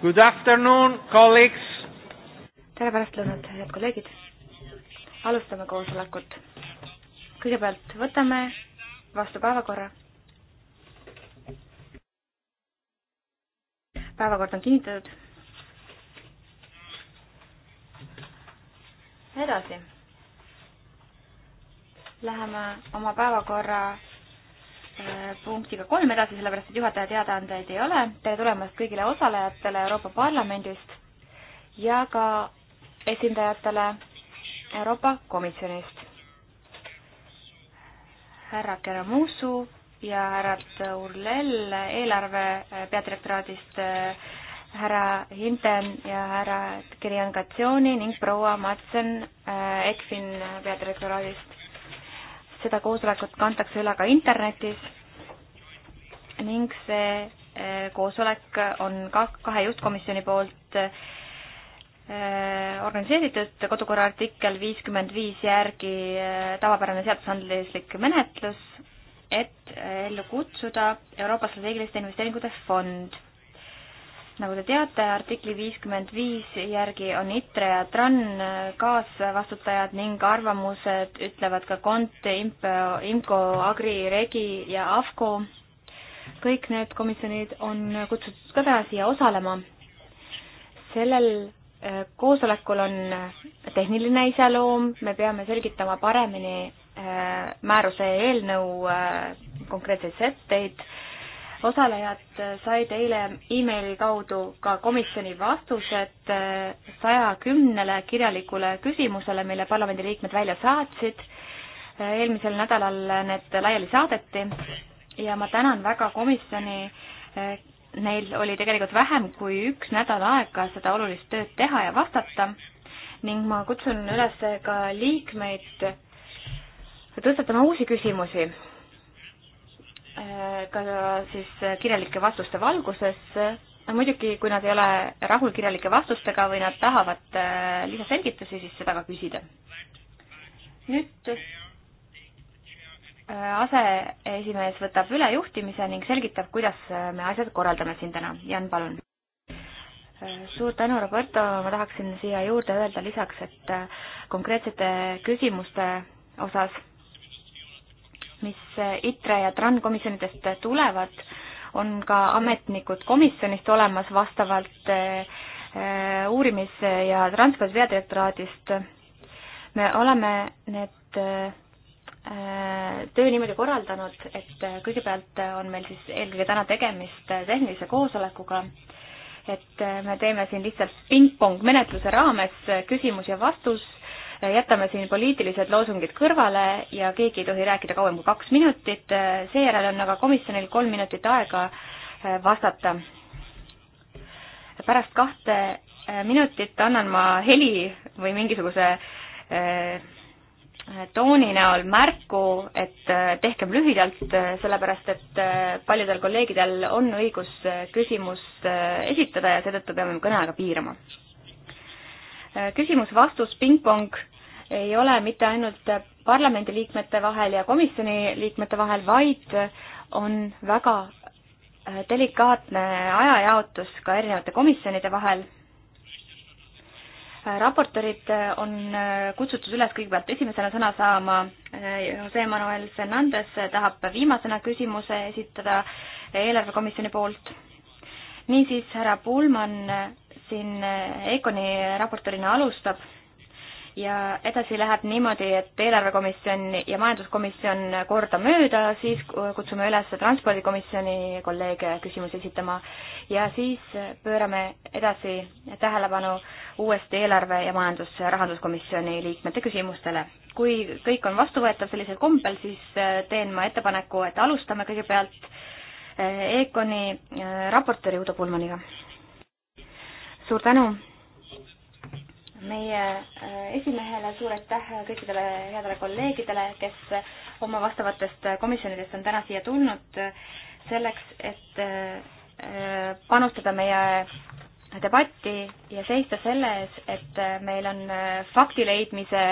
Good afternoon, colleagues. tere pärastlõunat, head kolleegid. alustame koosolekut. kõigepealt võtame vastu päevakorra. päevakord on kinnitatud. edasi. Läheme oma päevakorra Äh, punktiga kolm edasi, sellepärast et juhataja teadaandeid ei ole. tere tulemast kõigile osalejatele Euroopa Parlamendist ja ka esindajatele Euroopa Komisjonist. härra Keramusu ja härralt Urlell eelarve äh, peadirektoraadist, äh, härra Hinten ja härra Kirjan Katsiooni ning proua Madsen ECFIN peadirektoraadist seda koosolekut kantakse üle ka internetis ning see eh, koosolek on ka kahe juhtkomisjoni poolt eh, organiseeritud kodukorra artikkel viiskümmend viis järgi eh, tavapärane seadusandluslik menetlus, et ellu kutsuda Euroopa strateegiliste investeeringute fond nagu te teate, artikli viiskümmend viis järgi on ITRE ja TRAN kaasvastutajad ning arvamused ütlevad ka KONT, IMCO, AGRI, REGI ja AFCO. kõik need komisjonid on kutsutud ka täna siia osalema. sellel äh, koosolekul on tehniline iseloom, me peame selgitama paremini äh, määruse eelnõu äh, konkreetseid sätteid osalejad said eile emaili kaudu ka komisjoni vastused saja kümnele kirjalikule küsimusele, mille parlamendiliikmed välja saatsid. eelmisel nädalal need laiali saadeti ja ma tänan väga komisjoni neil oli tegelikult vähem kui üks nädal aega seda olulist tööd teha ja vastata ning ma kutsun üles ka liikmeid tõstatama uusi küsimusi. Äh, ka siis kirjalike vastuste valguses. muidugi, kui nad ei ole rahul kirjalike vastustega või nad tahavad äh, lisaselgitusi, siis seda ka küsida. nüüd äh, aseesimees võtab üle juhtimise ning selgitab, kuidas me asjad korraldame siin täna. Jan, palun. suur tänu, Roberto, ma tahaksin siia juurde öelda lisaks, et konkreetsete küsimuste osas mis ITRE ja TRAN komisjonidest tulevad, on ka ametnikud komisjonist olemas vastavalt eh, uurimis- ja transpordi peadirektoraadist. me oleme need eh, töö niimoodi korraldanud, et kõigepealt on meil siis eelkõige täna tegemist tehnilise koosolekuga, et me teeme siin lihtsalt pingpong menetluse raames küsimus ja vastus jätame siin poliitilised loosungid kõrvale ja keegi ei tohi rääkida kauem kui kaks minutit, seejärel on aga komisjonil kolm minutit aega eh, vastata. pärast kahte eh, minutit annan ma heli või mingisuguse eh, tooni näol märku, et tehkem lühidalt, sellepärast et paljudel kolleegidel on õigus küsimus esitada ja seetõttu peame kõneaega piirama küsimus-vastus, pingpong ei ole mitte ainult parlamendiliikmete vahel ja komisjoni liikmete vahel, vaid on väga äh, delikaatne ajajaotus ka erinevate komisjonide vahel. Äh, raportöörid äh, on kutsutud üles kõigepealt esimesena sõna saama. Jose Manuel Fernandez tahab viimasena küsimuse esitada eelarvekomisjoni poolt. niisiis, härra Pullmann siin EKONi eh, raportorina alustab ja edasi läheb niimoodi, et eelarvekomisjon ja majanduskomisjon kordamööda, siis kutsume üles transpordikomisjoni kolleege küsimusi esitama ja siis pöörame edasi tähelepanu uuesti eelarve ja majandus- ja rahanduskomisjoni liikmete küsimustele. kui kõik on vastuvõetav sellisel kombel, siis eh, teen ma ettepaneku, et alustame kõigepealt EKONi eh, raportööri Uudo Pulmaniga suur tänu meie äh, esimehele, suur aitäh kõikidele headele kolleegidele, kes oma vastavatest komisjonidest on täna siia tulnud äh, selleks, et äh, panustada meie debatti ja seista selle ees, et meil on fakti leidmise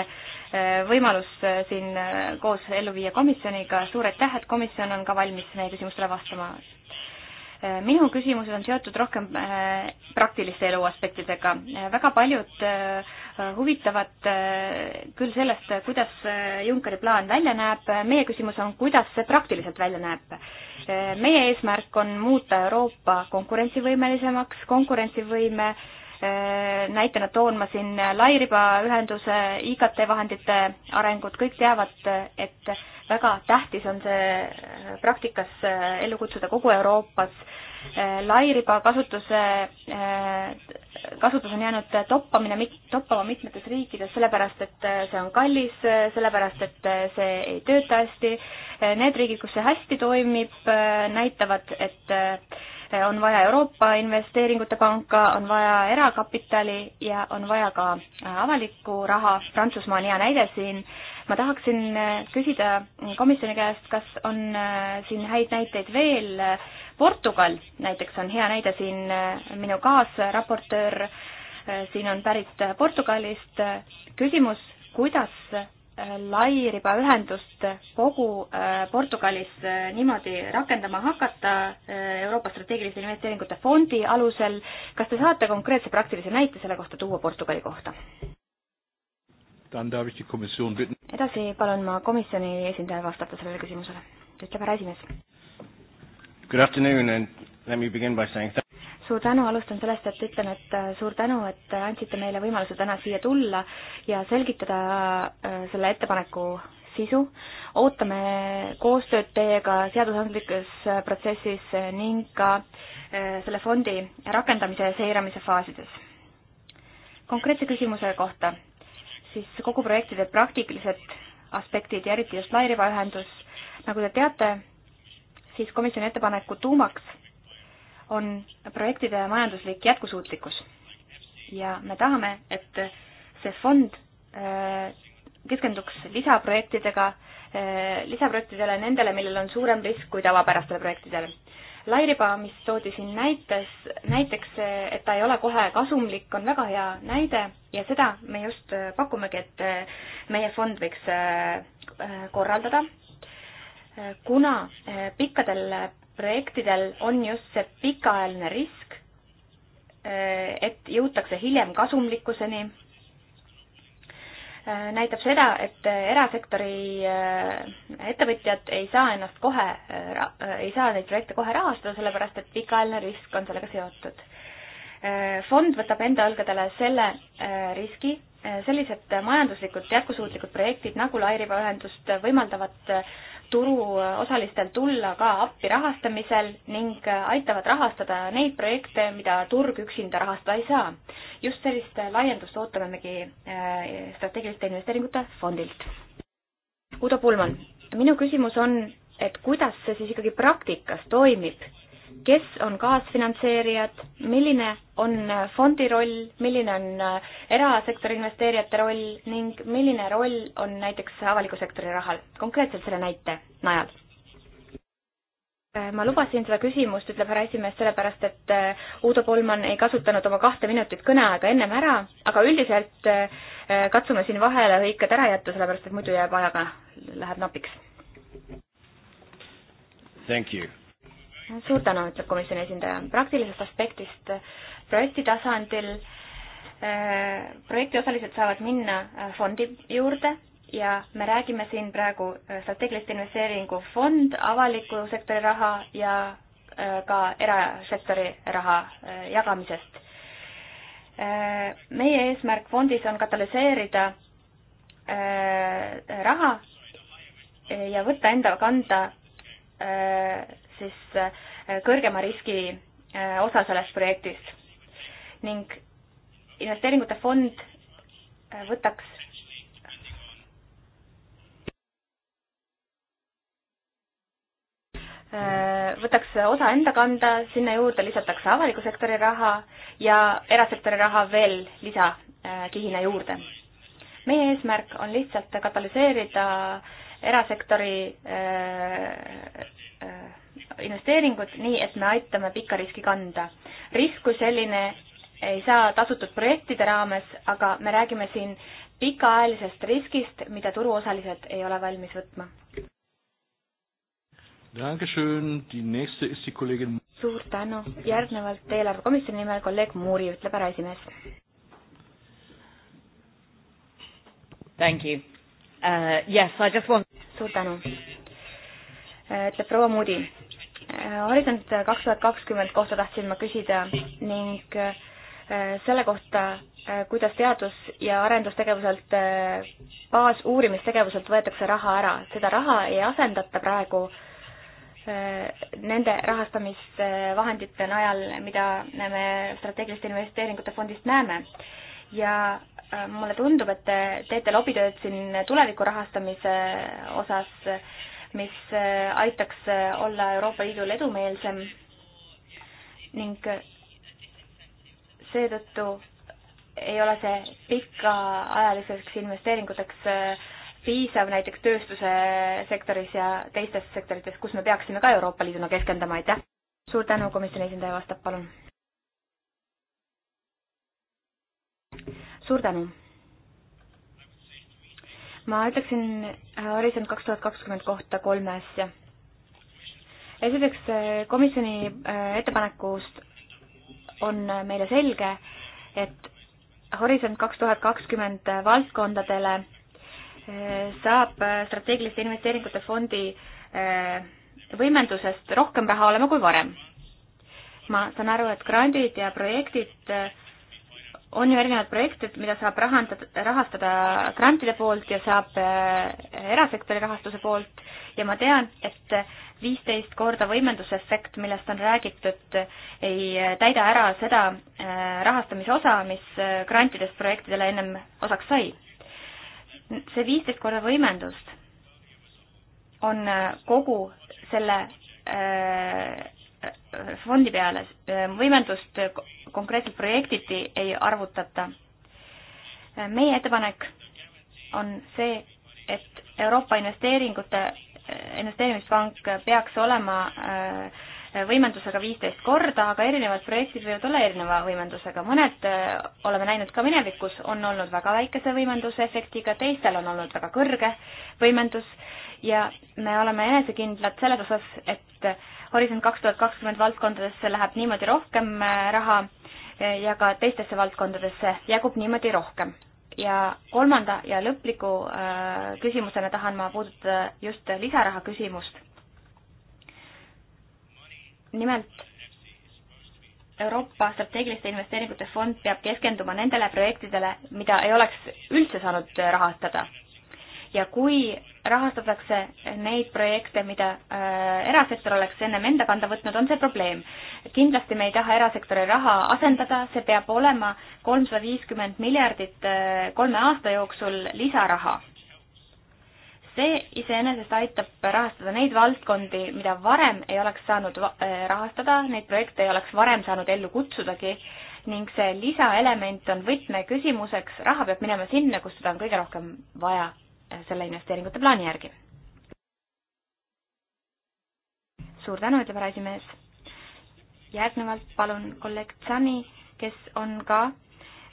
võimalus siin koos ellu viia komisjoniga. suur aitäh, et komisjon on ka valmis meie küsimustele vastama. Äh, minu küsimused on seotud rohkem äh, praktiliste elu aspektidega. Äh, väga paljud huvitavad küll sellest, kuidas Junckeri plaan välja näeb, meie küsimus on, kuidas see praktiliselt välja näeb. meie eesmärk on muuta Euroopa konkurentsivõimelisemaks, konkurentsivõime näitena toon ma siin lairibaühenduse IKT vahendite arengut, kõik teavad, et väga tähtis on see praktikas äh, ellu kutsuda kogu Euroopas. Äh, lairiba kasutuse, äh, kasutus on jäänud toppamine, toppama mitmetes riikides, sellepärast et see on kallis, sellepärast et see ei tööta hästi. Need riigid, kus see hästi toimib, näitavad, et on vaja Euroopa Investeeringute Panka, on vaja erakapitali ja on vaja ka avalikku raha, Prantsusmaa on hea näide siin ma tahaksin äh, küsida komisjoni käest, kas on äh, siin häid näiteid veel. Portugal näiteks on hea näide siin, äh, minu kaasraportöör siin on pärit Portugalist. küsimus, kuidas lairibaühendust kogu Portugalis niimoodi rakendama hakata Euroopa strateegiliste investeeringute fondi alusel. kas te saate konkreetse praktilise näite selle kohta tuua Portugali kohta? Dann darf ich die Kommission bitten edasi palun ma komisjoni esindajal vastata sellele küsimusele, ütleb härra esimees. Good afternoon and let me begin by saying thank suur tänu, alustan sellest, et ütlen, et äh, suur tänu, et andsite meile võimaluse täna siia tulla ja selgitada äh, selle ettepaneku sisu. ootame koostööd teiega seadusandlikus äh, protsessis ning ka selle fondi rakendamise ja seiramise faasides. konkreetse küsimuse kohta siis kogu projektide praktilised aspektid ja eriti just lairibaühendus. nagu te teate, siis komisjoni ettepaneku tuumaks on projektide majanduslik jätkusuutlikkus. ja me tahame, et see fond äh, keskenduks lisaprojektidega, äh, lisaprojektidele, nendele, millel on suurem risk kui tavapärastele projektidele lairiba, mis toodi siin näites, näiteks, et ta ei ole kohe kasumlik, on väga hea näide ja seda me just äh, pakumegi, et äh, meie fond võiks äh, korraldada, kuna pikkadel projektidel on just see pikaajaline risk, et jõutakse hiljem kasumlikkuseni näitab seda, et erasektori äh, ettevõtjad ei saa ennast kohe, äh, äh, ei saa neid projekte kohe rahastada, sellepärast et pikaajaline risk on sellega seotud. fond võtab enda õlgadele selle riski, sellised majanduslikud jätkusuutlikud projektid nagu lairibaühendust võimaldavad turuosalistel tulla ka appi rahastamisel ning äh, aitavad rahastada neid projekte, mida turg üksinda rahastada ei saa. just sellist laiendust ootamegi äh, strateegiliste investeeringute fondilt. Udo Pulman, minu küsimus on, et kuidas see siis ikkagi praktikas toimib, kes on kaasfinantseerijad, milline on fondi roll, milline on äh, erasektori investeerijate roll ning milline roll on näiteks avaliku sektori rahal, konkreetselt selle näite najal? Äh, ma lubasin seda küsimust, ütleb härra esimees, sellepärast et äh, Uudo Polman ei kasutanud oma kahte minutit kõneaega ennem ära, aga üldiselt katsume siin vahele hõiked ära jätta, sellepärast et muidu jääb ajaga, läheb napiks. Thank you suur tänu, ütleb komisjoni esindaja. praktilisest aspektist projekti tasandil äh, projektiosalised saavad minna äh, fondi juurde ja me räägime siin praegu äh, strateegiliste investeeringufond, avaliku sektori raha ja ka erasektori raha jagamisest. meie eesmärk fondis on katalüseerida raha ja võtta enda kanda siis äh, kõrgema riski äh, osa selles projektis. ning investeeringute fond äh, võtaks võtaks osa enda kanda, sinna juurde lisatakse avaliku sektori raha ja erasektori raha veel lisakihina juurde. meie eesmärk on lihtsalt katalüseerida äh, erasektori äh, äh, investeeringud, nii et me aitame pikka riski kanda. risk kui selline ei saa tasutud projektide raames, aga me räägime siin pikaajalisest riskist, mida turuosalised ei ole valmis võtma. suur tänu, järgnevalt eelarvekomisjoni nimel kolleeg Muuri ütleb ära esimees. Thank you uh,. Yes, I just want. suur tänu. Uh, ütleb proua Moody. Uh, Horisont kaks tuhat kakskümmend kohta tahtsin ma küsida ning uh, selle kohta, kuidas teadus- ja arendustegevuselt, baasuurimistegevuselt võetakse raha ära, seda raha ei asendata praegu nende rahastamisvahendite najal, mida me strateegiliste investeeringute fondist näeme ja äh, mulle tundub, et te teete lobitööd siin tuleviku rahastamise osas, mis äh, aitaks äh, olla Euroopa Liidul edumeelsem ning seetõttu ei ole see pikaajaliseks investeeringuteks piisav näiteks tööstuse sektoris ja teistes sektorites, kus me peaksime ka Euroopa Liiduna keskenduma, aitäh! suur tänu, komisjoni esindaja vastab, palun! suur tänu! ma ütleksin äh, Horisont kaks tuhat kakskümmend kohta kolme asja. esiteks, äh, komisjoni äh, ettepanekust on meile selge, et Horisont kaks tuhat kakskümmend valdkondadele saab strateegiliste investeeringute fondi võimendusest rohkem raha olema kui varem. ma saan aru, et grandid ja projektid on ju erinevad projektid, mida saab rahandada, rahastada grantide poolt ja saab äh, erasektori rahastuse poolt ja ma tean, et viisteist korda võimendusefekt, millest on räägitud, ei täida ära seda äh, rahastamise osa, mis äh, grantidest projektidele ennem osaks sai. see viisteist korda võimendust on kogu selle fondi peale, võimendust konkreetselt projektiti ei arvutata. meie ettepanek on see, et Euroopa investeeringute, investeerimispank peaks olema äh, võimendusega viisteist korda, aga erinevad projektid võivad olla erineva võimendusega. mõned äh, oleme näinud ka minevikus, on olnud väga väikese võimendusefektiga, teistel on olnud väga kõrge võimendus ja me oleme enesekindlad selles osas, et Horisont kaks tuhat kakskümmend valdkondadesse läheb niimoodi rohkem äh, raha äh, ja ka teistesse valdkondadesse jagub niimoodi rohkem. ja kolmanda ja lõpliku äh, küsimusena tahan ma puudutada just lisaraha küsimust. nimelt Euroopa strateegiliste investeeringute fond peab keskenduma nendele projektidele, mida ei oleks üldse saanud rahastada ja kui rahastatakse neid projekte, mida äh, erasektor oleks ennem enda kanda võtnud, on see probleem. kindlasti me ei taha erasektori raha asendada, see peab olema kolmsada viiskümmend miljardit äh, kolme aasta jooksul lisaraha see iseenesest aitab rahastada neid valdkondi, mida varem ei oleks saanud äh, rahastada, neid projekte ei oleks varem saanud ellu kutsudagi ning see lisaelement on võtmeküsimuseks, raha peab minema sinna, kus seda on kõige rohkem vaja selle investeeringute plaani järgi. suur tänu, ütleb härra esimees. järgnevalt palun kolleeg Tsani, kes on ka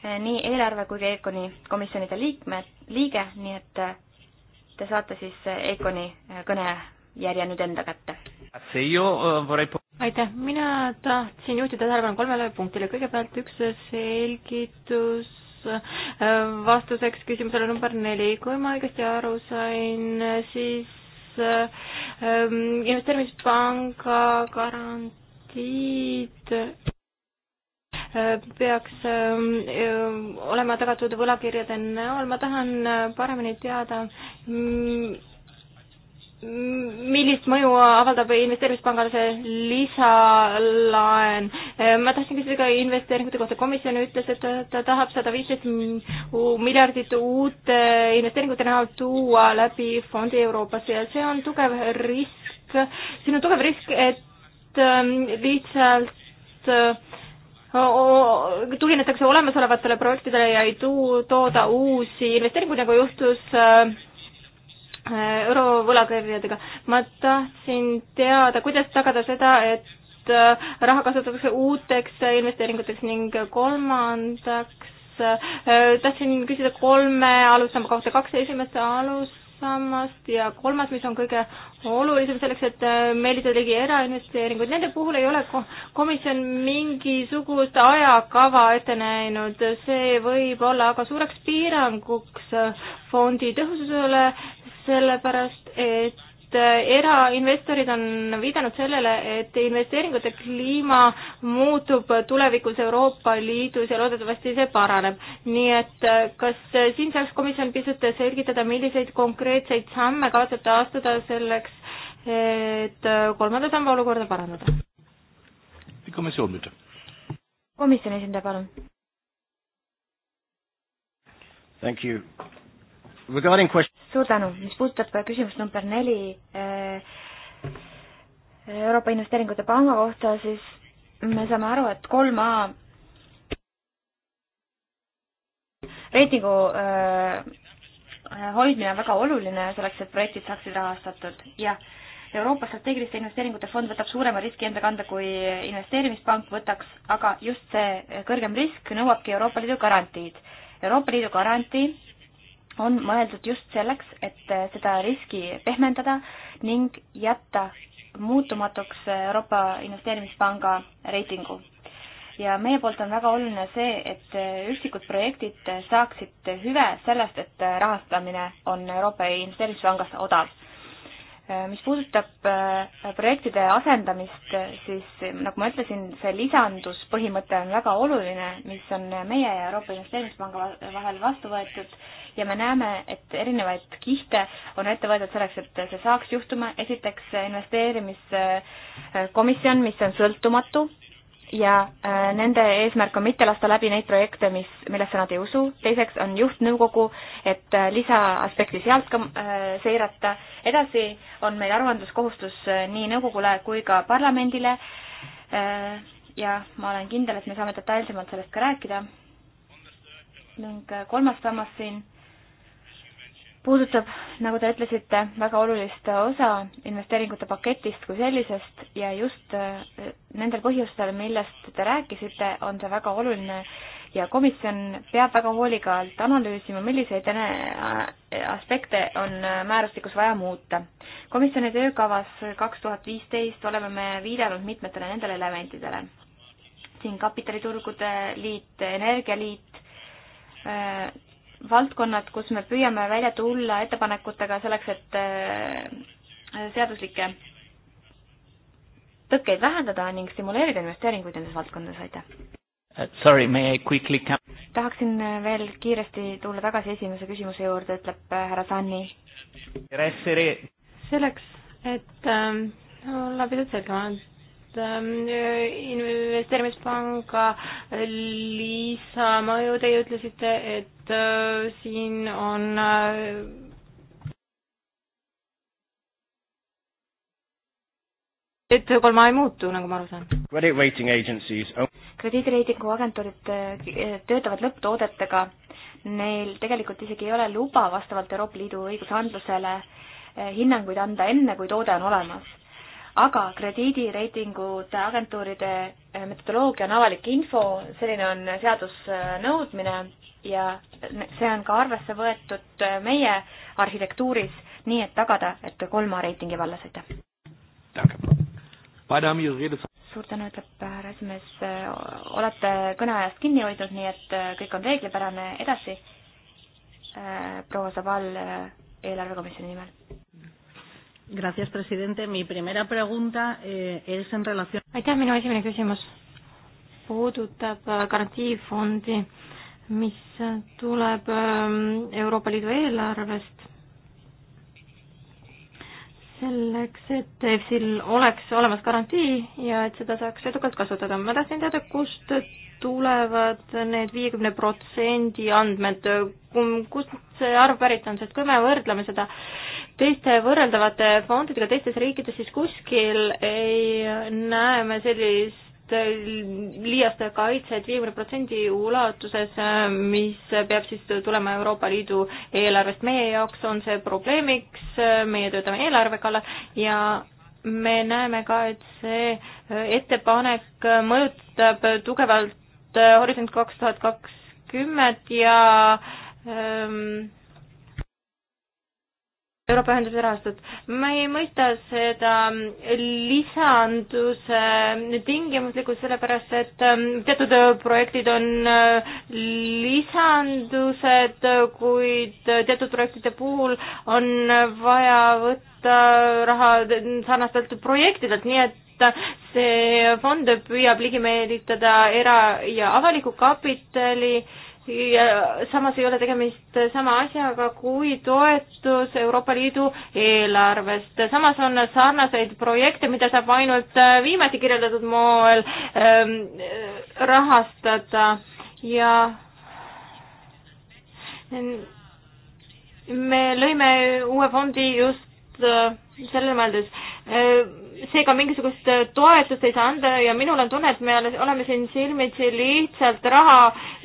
eh, nii eelarve kui ka EKONi komisjonide liikme, liige, nii et eh, te saate siis eh, EKONi kõnejärje nüüd enda kätte. aitäh, mina tahtsin juhtida tähelepanu kolmele punktile, kõigepealt üks selgitus vastuseks küsimusele number neli. kui ma õigesti aru sain, siis ähm, investeerimispanga garantiid äh, peaks ähm, äh, olema tagatud võlakirjade näol. ma tahan äh, paremini teada, mm, millist mõju avaldab investeerimispangale see lisalaen? ma tahtsin küsida ka investeeringute kohta. komisjon ütles, et ta tahab sada viisteist miljardit uut investeeringute näol tuua läbi fondi Euroopasse ja see on tugev risk. siin on tugev risk, et ähm, lihtsalt äh, tuginetakse olemasolevatele projektidele ja ei tuu, tooda uusi investeeringuid, nagu juhtus äh, Äh, eurovõlakirjadega. ma tahtsin teada, kuidas tagada seda, et äh, raha kasutatakse uuteks investeeringuteks ning kolmandaks äh, tahtsin küsida kolme alussamba kohta, kaks esimest alussammast ja kolmas, mis on kõige olulisem selleks, et meelitada ligi erainvesteeringuid, nende puhul ei ole komisjon mingisugust ajakava ette näinud, see võib olla aga suureks piiranguks fondi tõhususele sellepärast et äh, erainvestorid on viidanud sellele, et investeeringute kliima muutub tulevikus Euroopa Liidus ja loodetavasti see paraneb. nii et äh, kas äh, siin saaks komisjon pisut selgitada, milliseid konkreetseid samme kavatsete astuda selleks, et kolmanda samba olukorda parandada? komisjon nüüd. komisjoni esindaja, palun. Thank you suur tänu, mis puudutab küsimust number neli eh, Euroopa Investeeringute Panga kohta, siis me saame aru, et kolm A reitingu eh, hoidmine on väga oluline selleks, et projektid saaksid rahastatud. jah, Euroopa strateegiliste investeeringute fond võtab suurema riski enda kanda, kui investeerimispank võtaks, aga just see kõrgem risk nõuabki Euroopa Liidu garantiid. Euroopa Liidu garantii on mõeldud just selleks, et eh, seda riski pehmendada ning jätta muutumatuks Euroopa Investeerimispanga reitingu. ja meie poolt on väga oluline see, et eh, üksikud projektid saaksid hüve sellest, et rahastamine on Euroopa Investeerimispangas odav. Eh, mis puudutab projektide asendamist, siis nagu ma ütlesin, see lisanduspõhimõte on väga oluline, mis on meie ja Euroopa Investeerimispanga vahel vastu võetud ja me näeme, et erinevaid kihte on ette võetud selleks, et see saaks juhtuma. esiteks investeerimiskomisjon, mis on sõltumatu ja äh, nende eesmärk on mitte lasta läbi neid projekte, mis, millesse nad ei usu. teiseks on juhtnõukogu, et äh, lisaaspekti sealt ka äh, seirata. edasi on meil aruandluskohustus nii nõukogule kui ka parlamendile. ja ma olen kindel, et me saame detailsemalt sellest ka rääkida ning kolmas sammas siin puudutab, nagu te ütlesite, väga olulist osa investeeringute paketist kui sellisest ja just äh, nendel põhjustel, millest te rääkisite, on see väga oluline ja komisjon peab väga hoolikalt analüüsima, milliseid äh, aspekte on äh, määrustikus vaja muuta. komisjoni töökavas kaks tuhat viisteist oleme me viidanud mitmetele nendele elementidele. siin kapitaliturgude liit, energialiit, valdkonnad, kus me püüame välja tulla ettepanekutega selleks, et äh, seaduslikke tõkkeid vähendada ning stimuleerida investeeringuid nendes valdkondades, aitäh! Uh, sorry, may I quickly come? tahaksin veel kiiresti tulla tagasi esimese küsimuse juurde, ütleb äh, härra Tanni. selleks, et äh, olla pisut selgem, Ähm, investeerimispanga lisamõju, teie ütlesite, et äh, siin on äh, et kolma ei muutu, nagu ma aru saan. krediidireitingu agentuurid äh, töötavad lõpptoodetega, neil tegelikult isegi ei ole luba vastavalt Euroopa Liidu õigusandlusele hinnanguid anda enne, kui toode on olemas aga krediidireitingute agentuuride äh, metodoloogia on avalik info, selline on seadusnõudmine ja see on ka arvesse võetud äh, meie arhitektuuris, nii et tagada, et kolma reitingi vallas, aitäh! suur tänu, ütleb härra esimees, äh, olete kõneajast kinni hoidnud, nii et kõik on reeglipärane, edasi proua Zabal eelarvekomisjoni nimel Gracias, presidente. Mi primera pregunta eh, es en relación... aitäh, minu esimene küsimus puudutab äh, garantiifondi, mis tuleb ähm, Euroopa Liidu eelarvest selleks, et EFSil oleks olemas garantii ja et seda saaks edukalt kasutada. ma tahtsin teada, kust tulevad need viiekümne protsendi andmed, kust see arv pärit on, sest kui me võrdleme seda teiste võrreldavate fondidega teistes riikides, siis kuskil ei näe me sellist liiaste kaitset viiekümne protsendi ulatuses, mis peab siis tulema Euroopa Liidu eelarvest. meie jaoks on see probleemiks, meie töötame eelarve kallal ja me näeme ka, et see ettepanek mõjutab tugevalt Horisont kaks tuhat kakskümmend ja ähm, Euroopa Ühenduse rahastut. ma ei mõista seda lisanduse tingimuslikkust, sellepärast et ähm, teatud projektid on äh, lisandused, kuid teatud projektide puhul on vaja võtta raha sarnastelt projektidelt, nii et see fond püüab ligi meelitada era- ja avaliku kapitali äh, ja samas ei ole tegemist sama asjaga kui toetus Euroopa Liidu eelarvest. samas on sarnaseid projekte, mida saab ainult äh, viimati kirjeldatud moel ähm, rahastada ja me lõime uue fondi just äh, sellele mõeldes äh, seega mingisugust äh, toetust ei saa anda ja minul on tunne, et me oleme siin silmitsi lihtsalt raha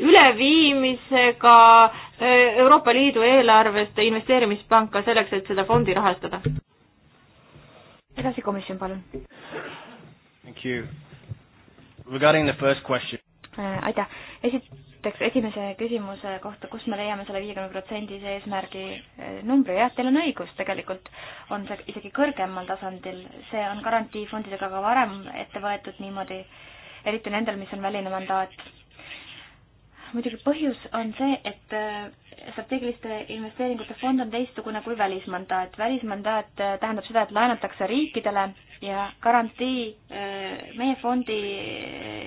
üleviimisega äh, Euroopa Liidu eelarvest investeerimispanka selleks, et seda fondi rahastada. edasi komisjon, palun. Äh, aitäh, esi-, esiteks esimese küsimuse kohta, kus me leiame selle viiekümne protsendise eesmärgi eh, numbri, jah, teil on õigus, tegelikult on see isegi kõrgemal tasandil, see on garantiifondidega ka varem ette võetud niimoodi, eriti nendel, mis on väline mandaat. muidugi põhjus on see, et eh, strateegiliste investeeringute fond on teistsugune kui välismandaat. välismandaat eh, tähendab seda, et laenatakse riikidele ja garantii meie fondi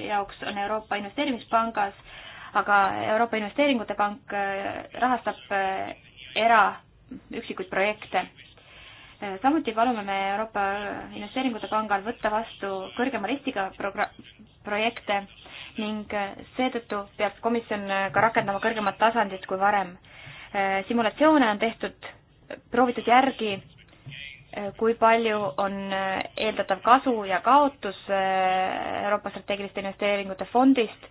jaoks on Euroopa Investeerimispangas aga Euroopa Investeeringute Pank äh, rahastab äh, era üksikuid projekte. Äh, samuti palume me Euroopa Investeeringute Pangal võtta vastu kõrgema riskiga projekte ning seetõttu peab komisjon ka rakendama kõrgemat tasandit kui varem. simulatsioone on tehtud, proovitud järgi, kui palju on eeldatav kasu ja kaotus Euroopa strateegiliste investeeringute fondist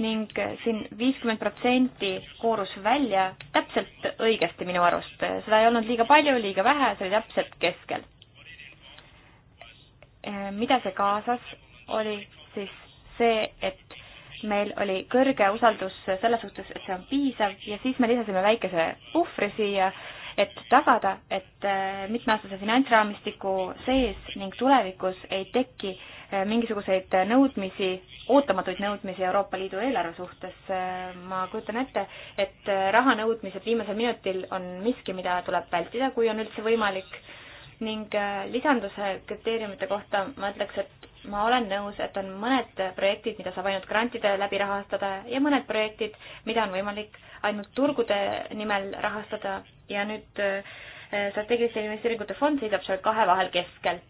ning siin viiskümmend protsenti koorus välja täpselt õigesti minu arust. seda ei olnud liiga palju, liiga vähe, see oli täpselt keskel. mida see kaasas, oli siis see, et meil oli kõrge usaldus selles suhtes, et see on piisav ja siis me lisasime väikese puhvri siia äh, et tagada, et äh, mitmeaastase finantsraamistiku sees ning tulevikus ei teki äh, mingisuguseid nõudmisi, ootamatuid nõudmisi Euroopa Liidu eelarve suhtes. Äh, ma kujutan ette, et raha nõudmised viimasel minutil on miski, mida tuleb vältida, kui on üldse võimalik ning lisanduse kriteeriumite kohta ma ütleks, et ma olen nõus, et on mõned projektid, mida saab ainult grantide läbi rahastada ja mõned projektid, mida on võimalik ainult turgude nimel rahastada ja nüüd äh, strateegiliste investeeringute fond seisab seal kahe vahel keskel.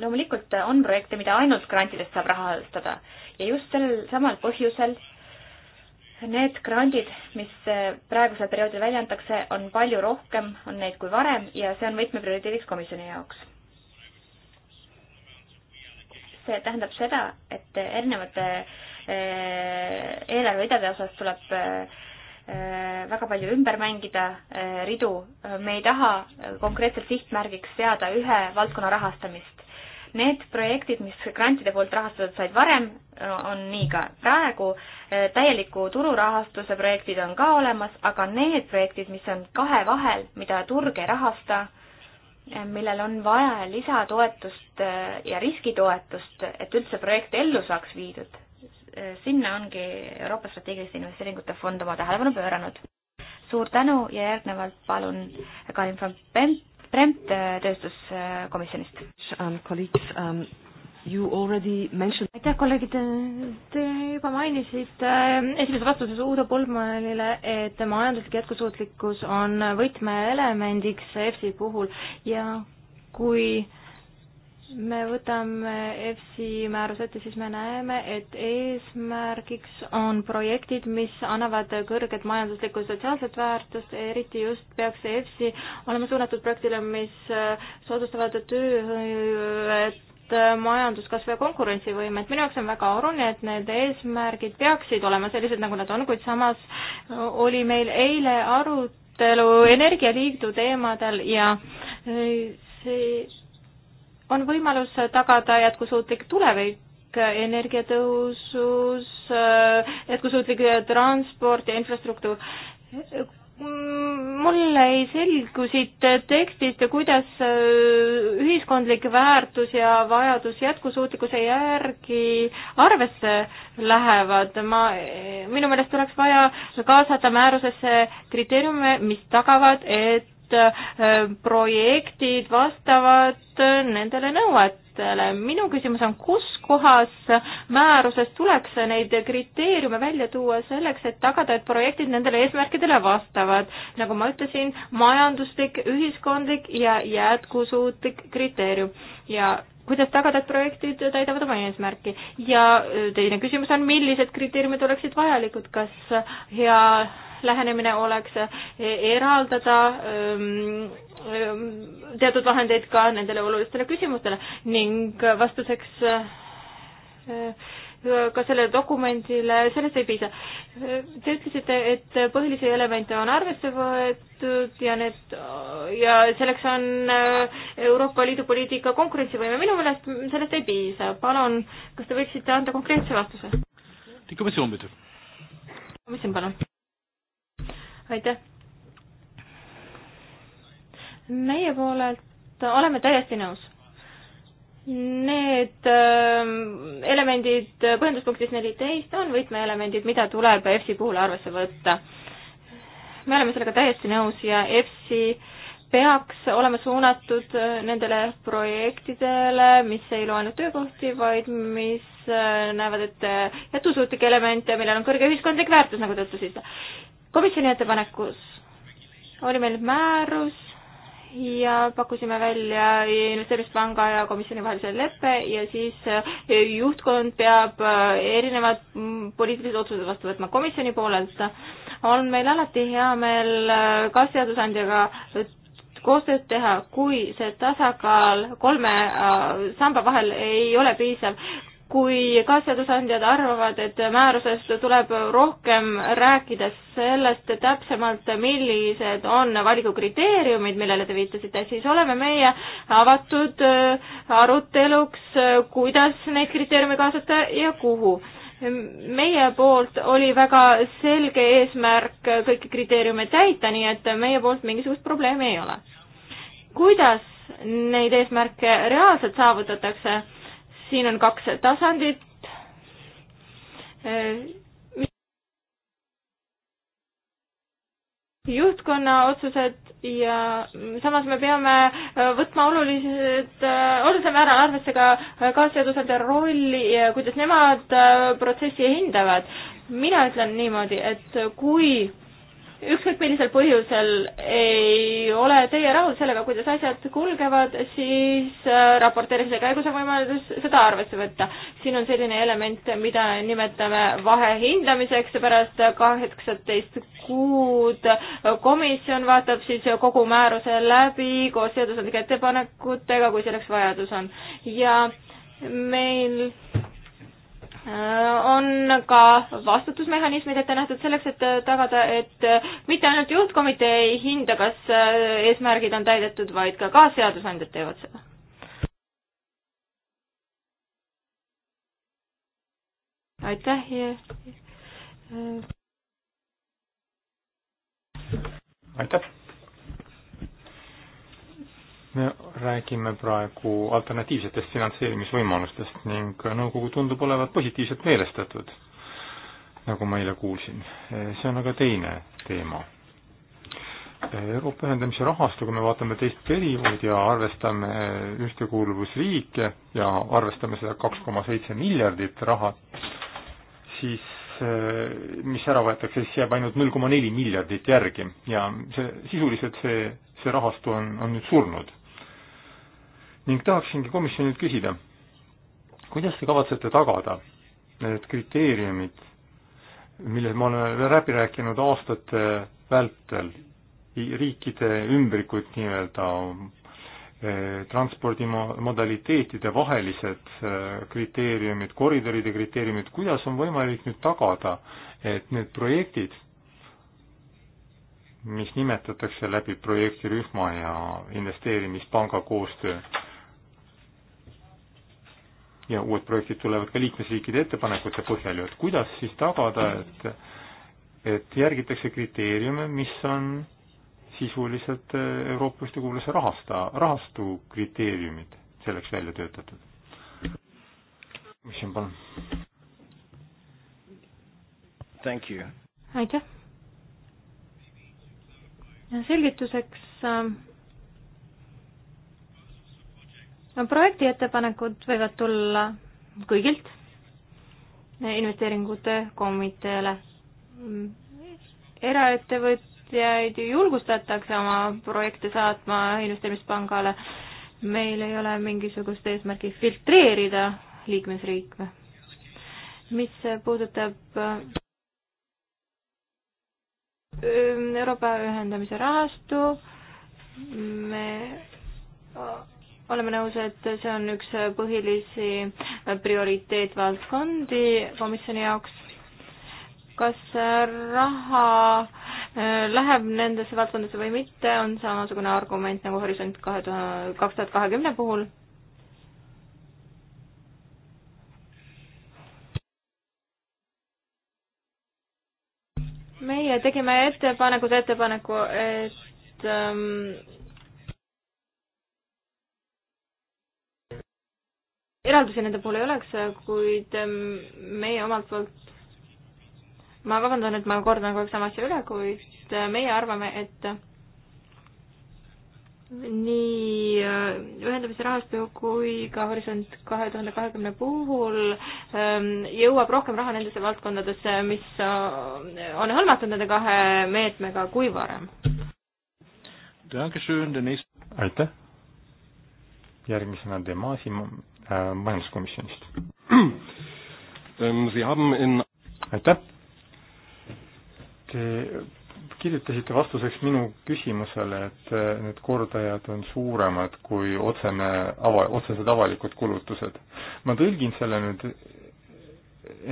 loomulikult on projekte, mida ainult grantidest saab rahastada ja just sellel samal põhjusel need grandid, mis äh, praegusel perioodil välja antakse, on palju rohkem, on neid kui varem ja see on võtmeprioriteediks komisjoni jaoks. see tähendab seda, et erinevate äh, eelarveridade osas tuleb Äh, väga palju ümber mängida äh, ridu, me ei taha äh, konkreetselt sihtmärgiks seada ühe valdkonna rahastamist. Need projektid, mis grantide poolt rahastatud said varem, on nii ka praegu, täieliku tururahastuse projektid on ka olemas, aga need projektid, mis on kahe vahel, mida turg ei rahasta, millel on vaja lisatoetust ja riskitoetust, et üldse projekt ellu saaks viidud, sinna ongi Euroopa strateegiliste investeeringute fond oma tähelepanu pööranud. suur tänu ja järgnevalt palun Karin von Brempt, Brempt äh, tööstuskomisjonist. Um, um, aitäh, kolleegid, te juba mainisite ähm, esimeses vastuses Uudo Polmanile, et majanduslik jätkusuutlikkus on võtmeelemendiks EFSi puhul ja kui äh, me võtame EFSI määruse ette, siis me näeme, et eesmärgiks on projektid, mis annavad kõrget majanduslikku ja sotsiaalset väärtust, eriti just peaks EFSI olema suunatud projektile, mis äh, soodustavad tööhõivet, äh, majanduskasvu ja konkurentsivõimet. minu jaoks on väga oluline, et need eesmärgid peaksid olema sellised, nagu nad on, kuid samas äh, oli meil eile arutelu Energialiidu teemadel ja see on võimalus tagada jätkusuutlik tulevik, energiatõhusus, jätkusuutlik transport ja infrastruktuur. mulle ei selgu siit tekstist, kuidas ühiskondlik väärtus ja vajadus jätkusuutlikkuse järgi arvesse lähevad. ma, minu meelest oleks vaja kaasata määrusesse kriteeriume, mis tagavad, et et äh, projektid vastavad äh, nendele nõuetele. minu küsimus on, kus kohas määruses tuleks neid kriteeriume välja tuua selleks, et tagada, et projektid nendele eesmärkidele vastavad. nagu ma ütlesin, majanduslik, ühiskondlik ja jätkusuutlik kriteerium ja kuidas tagada, et projektid täidavad oma eesmärki ja äh, teine küsimus on, millised kriteeriumid oleksid vajalikud, kas hea lähenemine oleks eraldada ähm, ähm, teatud vahendeid ka nendele olulistele küsimustele ning vastuseks äh, äh, ka sellele dokumendile, sellest ei piisa. Te ütlesite, et põhilisi elemente on arvesse võetud ja need ja selleks on äh, Euroopa Liidu poliitika konkurentsivõime, minu meelest sellest ei piisa, palun, kas te võiksite anda konkreetse vastuse? komisjon, palun aitäh! meie poolelt oleme täiesti nõus. Need ähm, elemendid põhjenduspunktis neliteist on võtmeelemendid, mida tuleb EFSi puhul arvesse võtta. me oleme sellega täiesti nõus ja EFSi peaks olema suunatud äh, nendele projektidele, mis ei loo ainult töökohti, vaid mis äh, näevad ette jätkusuutlikke elemente, millel on kõrge ühiskondlik väärtus, nagu te ütlesite komisjoni ettepanekus oli meil määrus ja pakkusime välja investeerimispanga ja komisjoni vahelise leppe ja siis eh, juhtkond peab eh, erinevad mm, poliitilised otsused vastu võtma komisjoni poolelt. on meil alati hea meel eh, ka seadusandjaga koostööd teha, kui see tasakaal kolme samba vahel ei ole piisav kui kaasseadusandjad arvavad, et määruses tuleb rohkem rääkida sellest täpsemalt, millised on valikukriteeriumid, millele te viitasite, siis oleme meie avatud äh, aruteluks, kuidas neid kriteeriume kaasata ja kuhu meie poolt oli väga selge eesmärk kõiki kriteeriume täita, nii et meie poolt mingisugust probleemi ei ole. kuidas neid eesmärke reaalselt saavutatakse? siin on kaks tasandit. juhtkonna otsused ja samas me peame võtma olulised, olulisel määral arvesse ka kaasseadusandja rolli ja kuidas nemad protsessi hindavad. mina ütlen niimoodi, et kui ükskõik millisel põhjusel ei ole teie rahul sellega, kuidas asjad kulgevad, siis äh, raporteerimise käigus on võimalus seda arvesse võtta. siin on selline element, mida nimetame vahehindamiseks, pärast kaheksateist kuud komisjon vaatab siis kogu määruse läbi koos seadusandlike ettepanekutega, kui selleks vajadus on. ja meil Äh, on ka vastutusmehhanismid ette nähtud selleks, et äh, tagada, et äh, mitte ainult juhtkomitee ei hinda, kas eesmärgid on täidetud, vaid ka kaasseadusandjad teevad seda. aitäh ja aitäh! me räägime praegu alternatiivsetest finantseerimisvõimalustest ning nõukogu tundub olevat positiivselt meelestatud, nagu ma eile kuulsin. see on aga teine teema. Euroopa ühendamise rahastu, kui me vaatame teist perioodi ja arvestame ühtekuuluvusriike ja arvestame seda kaks koma seitse miljardit raha, siis eh, mis ära võetakse, siis jääb ainult null koma neli miljardit järgi ja see, sisuliselt see, see rahastu on, on nüüd surnud ning tahaksingi komisjonilt küsida, kuidas te kavatsete tagada need kriteeriumid, millest me oleme läbi rääkinud aastate vältel, riikide ümbrikud nii-öelda, eh, transpordi modaliteetide vahelised eh, kriteeriumid, koridoride kriteeriumid, kuidas on võimalik nüüd tagada, et need projektid, mis nimetatakse läbi projektirühma ja investeerimispanga koostöö, ja uued projektid tulevad ka liikmesriikide ettepanekute põhjal ju, et kuidas siis tagada, et et järgitakse kriteeriume, mis on sisuliselt äh, Euroopa Ühtekuuluvuse rahasta, rahastu kriteeriumid selleks välja töötatud. mis siin palun? aitäh! selgituseks äh, projektiettepanekud võivad tulla kõigilt investeeringute komiteele. eraettevõtjaid julgustatakse oma projekte saatma investeerimispangale. meil ei ole mingisugust eesmärgi filtreerida liikmesriike. mis puudutab ähm, Euroopa ühendamise rahastu, me oleme nõus, et see on üks põhilisi prioriteetvaldkondi komisjoni jaoks. kas raha äh, läheb nendesse valdkondadesse või mitte, on samasugune argument nagu Horisont kahe tuhande, kaks tuhat kahekümne puhul meie tegime ettepanekud ettepaneku, et ähm, eraldusi nende puhul ei oleks, kuid ähm, meie omalt poolt, ma vabandan, et ma kordan kogu aeg sama asja üle, kuid äh, meie arvame, et nii äh, ühendamise rahastu kui ka Horisont kahe tuhande kahekümne puhul ähm, jõuab rohkem raha nendesse valdkondadesse, mis äh, on hõlmatud nende kahe meetmega kui varem. aitäh. järgmisena Demasi Äh, majanduskomisjonist. Ähm, aitäh! Te kirjutasite vastuseks minu küsimusele, et äh, need kordajad on suuremad kui otsene ava-, otsesed avalikud kulutused. ma tõlgin selle nüüd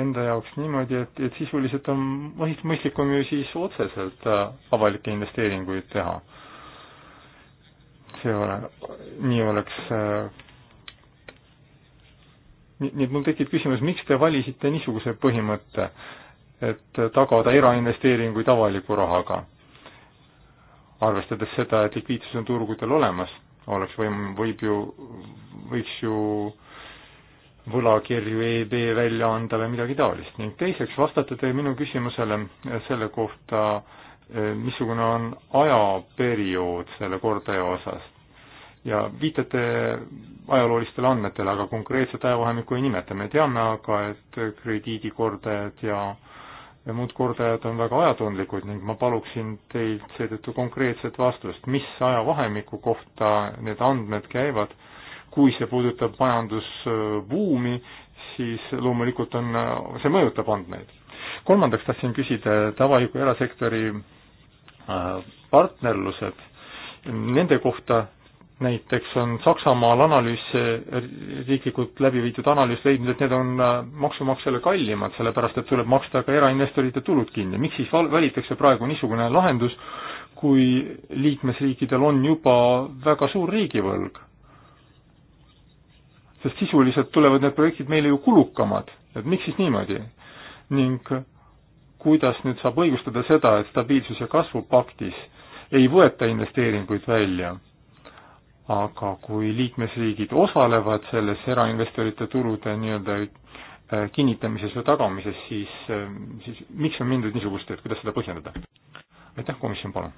enda jaoks niimoodi, et, et sisuliselt on mõist-, mõistlikum ju siis otseselt äh, avalikke investeeringuid teha. see ole, nii oleks nii et mul tekib küsimus, miks te valisite niisuguse põhimõtte, et tagada erainvesteeringuid avaliku rahaga? arvestades seda, et likviidsus on turgudel olemas, oleks võim-, võib ju, võiks ju võlakirju EIB välja anda või midagi taolist ning teiseks vastate te minu küsimusele selle kohta, eh, missugune on ajaperiood selle kordaja osas ja viitate ajaloolistele andmetele, aga konkreetset ajavahemikku ei nimeta. me teame aga, et krediidikordajad ja ja muud kordajad on väga ajatundlikud ning ma paluksin teilt seetõttu konkreetset vastust, mis ajavahemiku kohta need andmed käivad. kui see puudutab majandusbuumi, siis loomulikult on, see mõjutab andmeid. kolmandaks tahtsin küsida avaliku erasektori äh, partnerlused, nende kohta näiteks on Saksamaal analüüs, riiklikult läbi viidud analüüs leidnud, et need on äh, maksumaksjale kallimad, sellepärast et tuleb maksta ka erainvestorite tulud kinni. miks siis val-, valitakse praegu niisugune lahendus, kui liikmesriikidel on juba väga suur riigivõlg? sest sisuliselt tulevad need projektid meile ju kulukamad, et miks siis niimoodi? ning kuidas nüüd saab õigustada seda, et stabiilsus- ja kasvupaktis ei võeta investeeringuid välja aga kui liikmesriigid osalevad selles erainvestorite turude nii-öelda äh, kinnitamises või tagamises, siis, ähm, siis miks on mindud niisugust teed, kuidas seda põhjendada? aitäh, komisjon, palun!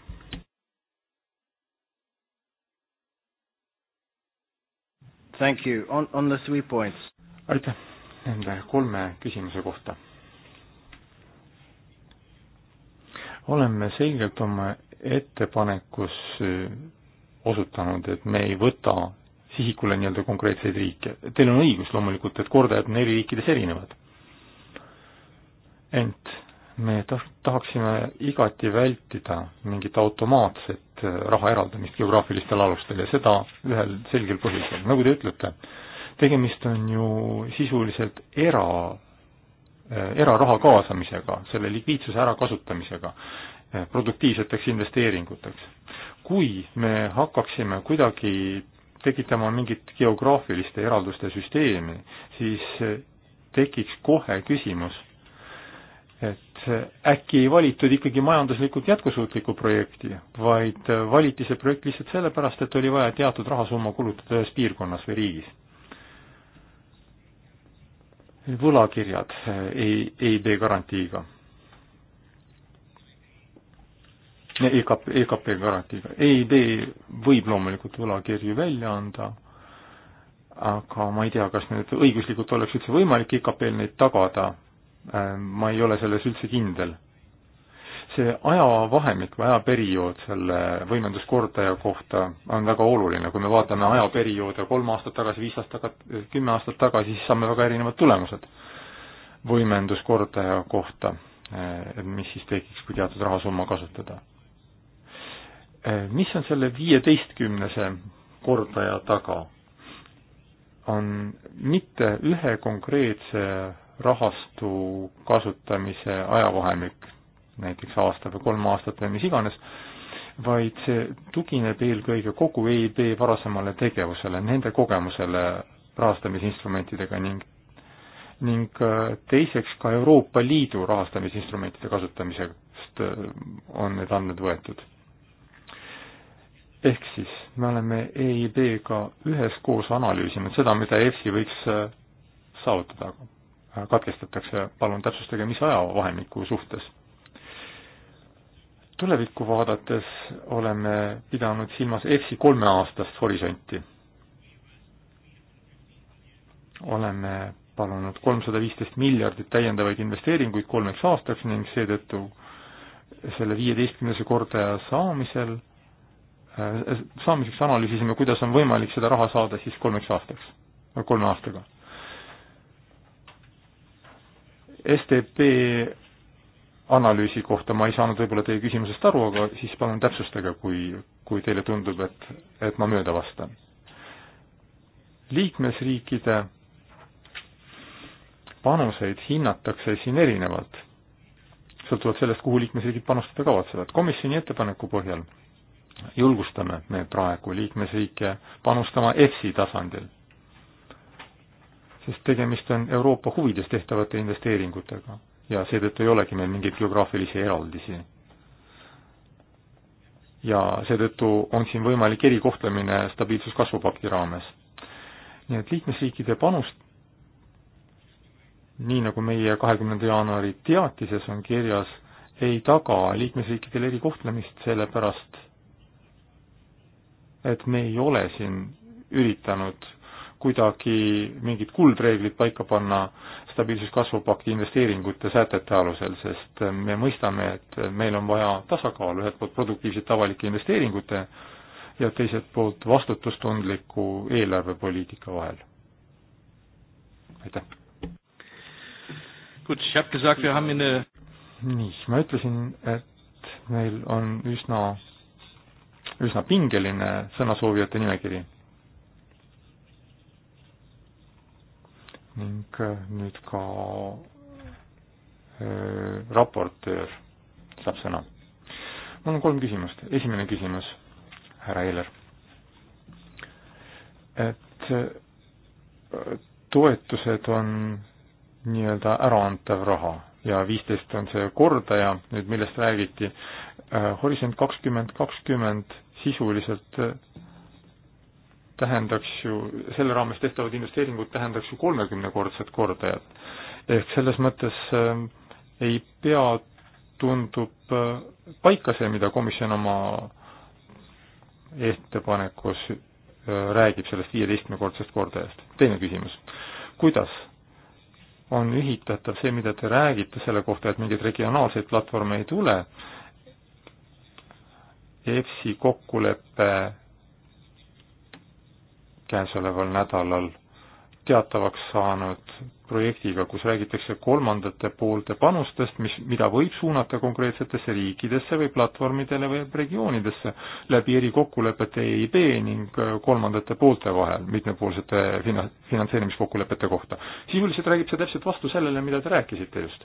Thank you. On, on the three points. aitäh nende kolme küsimuse kohta. oleme selgelt oma ettepanekus äh, osutanud, et me ei võta sihikule nii-öelda konkreetseid riike. Teil on õigus loomulikult, et kordajad on eri riikides erinevad. ent me ta-, tahaksime igati vältida mingit automaatset äh, raha eraldamist geograafilistel alustel ja seda ühel selgel põhjusel, nagu te ütlete, tegemist on ju sisuliselt era, äh, eraraha kaasamisega, selle likviidsuse ärakasutamisega äh, produktiivseteks investeeringuteks kui me hakkaksime kuidagi tekitama mingit geograafiliste eralduste süsteemi, siis tekiks kohe küsimus, et äkki ei valitud ikkagi majanduslikult jätkusuutlikku projekti, vaid valiti see projekt lihtsalt sellepärast, et oli vaja teatud rahasumma kulutada ühes piirkonnas või riigis. võlakirjad ei, EIB garantiiga EKP, e EKP garantiiga. EIB võib loomulikult võlakirju välja anda, aga ma ei tea, kas nüüd õiguslikult oleks üldse võimalik EKP-l neid tagada, ähm, ma ei ole selles üldse kindel. see ajavahemik või ajaperiood selle võimenduskordaja kohta on väga oluline, kui me vaatame ajaperioode kolm aastat tagasi, viis aastat tagasi, kümme aastat tagasi, siis saame väga erinevad tulemused võimenduskordaja kohta, äh, mis siis tekiks, kui teatud rahasumma kasutada Eh, mis on selle viieteistkümnese kordaja taga? on mitte ühe konkreetse rahastu kasutamise ajavahemik, näiteks aasta või kolm aastat või mis iganes, vaid see tugineb eelkõige kogu EIB varasemale tegevusele, nende kogemusele rahastamisinstrumentidega ning ning eh, teiseks ka Euroopa Liidu rahastamisinstrumentide kasutamisest eh, on need andmed võetud ehk siis me oleme EIB-ga üheskoos analüüsinud seda, mida EFSI võiks äh, saavutada. Äh, katkestatakse, palun täpsustage, mis ajavahemiku suhtes tulevikku vaadates oleme pidanud silmas EFSI kolmeaastast horisonti. oleme palunud kolmsada viisteist miljardit täiendavaid investeeringuid kolmeks aastaks ning seetõttu selle viieteistkümnese kordaja saamisel Äh, saamiseks analüüsisime, kuidas on võimalik seda raha saada siis kolmeks aastaks, kolme aastaga. STP analüüsi kohta ma ei saanud võib-olla teie küsimusest aru, aga siis palun täpsustage, kui, kui teile tundub, et, et ma mööda vastan. liikmesriikide panuseid hinnatakse siin erinevalt, sõltuvalt sellest, kuhu liikmesriigid panustada kavatsevad. komisjoni ettepaneku põhjal julgustame me praegu liikmesriike panustama EFSI tasandil, sest tegemist on Euroopa huvides tehtavate investeeringutega ja seetõttu ei olegi meil mingeid geograafilisi eraldisi. ja seetõttu on siin võimalik erikohtlemine stabiilsuskasvupakti raames. nii et liikmesriikide panust, nii nagu meie kahekümnenda jaanuari teatises on kirjas, ei taga liikmesriikidele erikohtlemist, sellepärast et me ei ole siin üritanud kuidagi mingid kuldreeglid paika panna stabiilsuskasvupakti investeeringute sätete alusel, sest me mõistame, et meil on vaja tasakaalu ühelt poolt produktiivsete avalike investeeringute ja teiselt poolt vastutustundliku eelarvepoliitika vahel. aitäh. nii, ma ütlesin, et meil on üsna üsna pingeline sõnasoovijate nimekiri. ning äh, nüüd ka äh, raportöör saab sõna. mul on kolm küsimust, esimene küsimus, härra Eiler. et äh, toetused on nii-öelda äraantav raha ja viisteist on see kordaja, nüüd millest räägiti, äh, Horisont kakskümmend kakskümmend sisuliselt äh, tähendaks ju, selle raames tehtavad investeeringud tähendaks ju kolmekümnekordset kordajat. ehk selles mõttes äh, ei pea, tundub äh, paika see, mida komisjon oma ettepanekus äh, räägib sellest viieteistkümnekordsest kordajast. teine küsimus, kuidas on ühitatav see, mida te räägite selle kohta, et mingeid regionaalseid platvorme ei tule äh,, EFSI kokkulepe käesoleval nädalal teatavaks saanud projektiga, kus räägitakse kolmandate poolte panustest, mis, mida võib suunata konkreetsetesse riikidesse või platvormidele või regioonidesse läbi erikokkulepete EIB ning äh, kolmandate poolte vahel mitmepoolsete fina-, finantseerimiskokkulepete kohta. sisuliselt räägib see täpselt vastu sellele, mida te rääkisite just.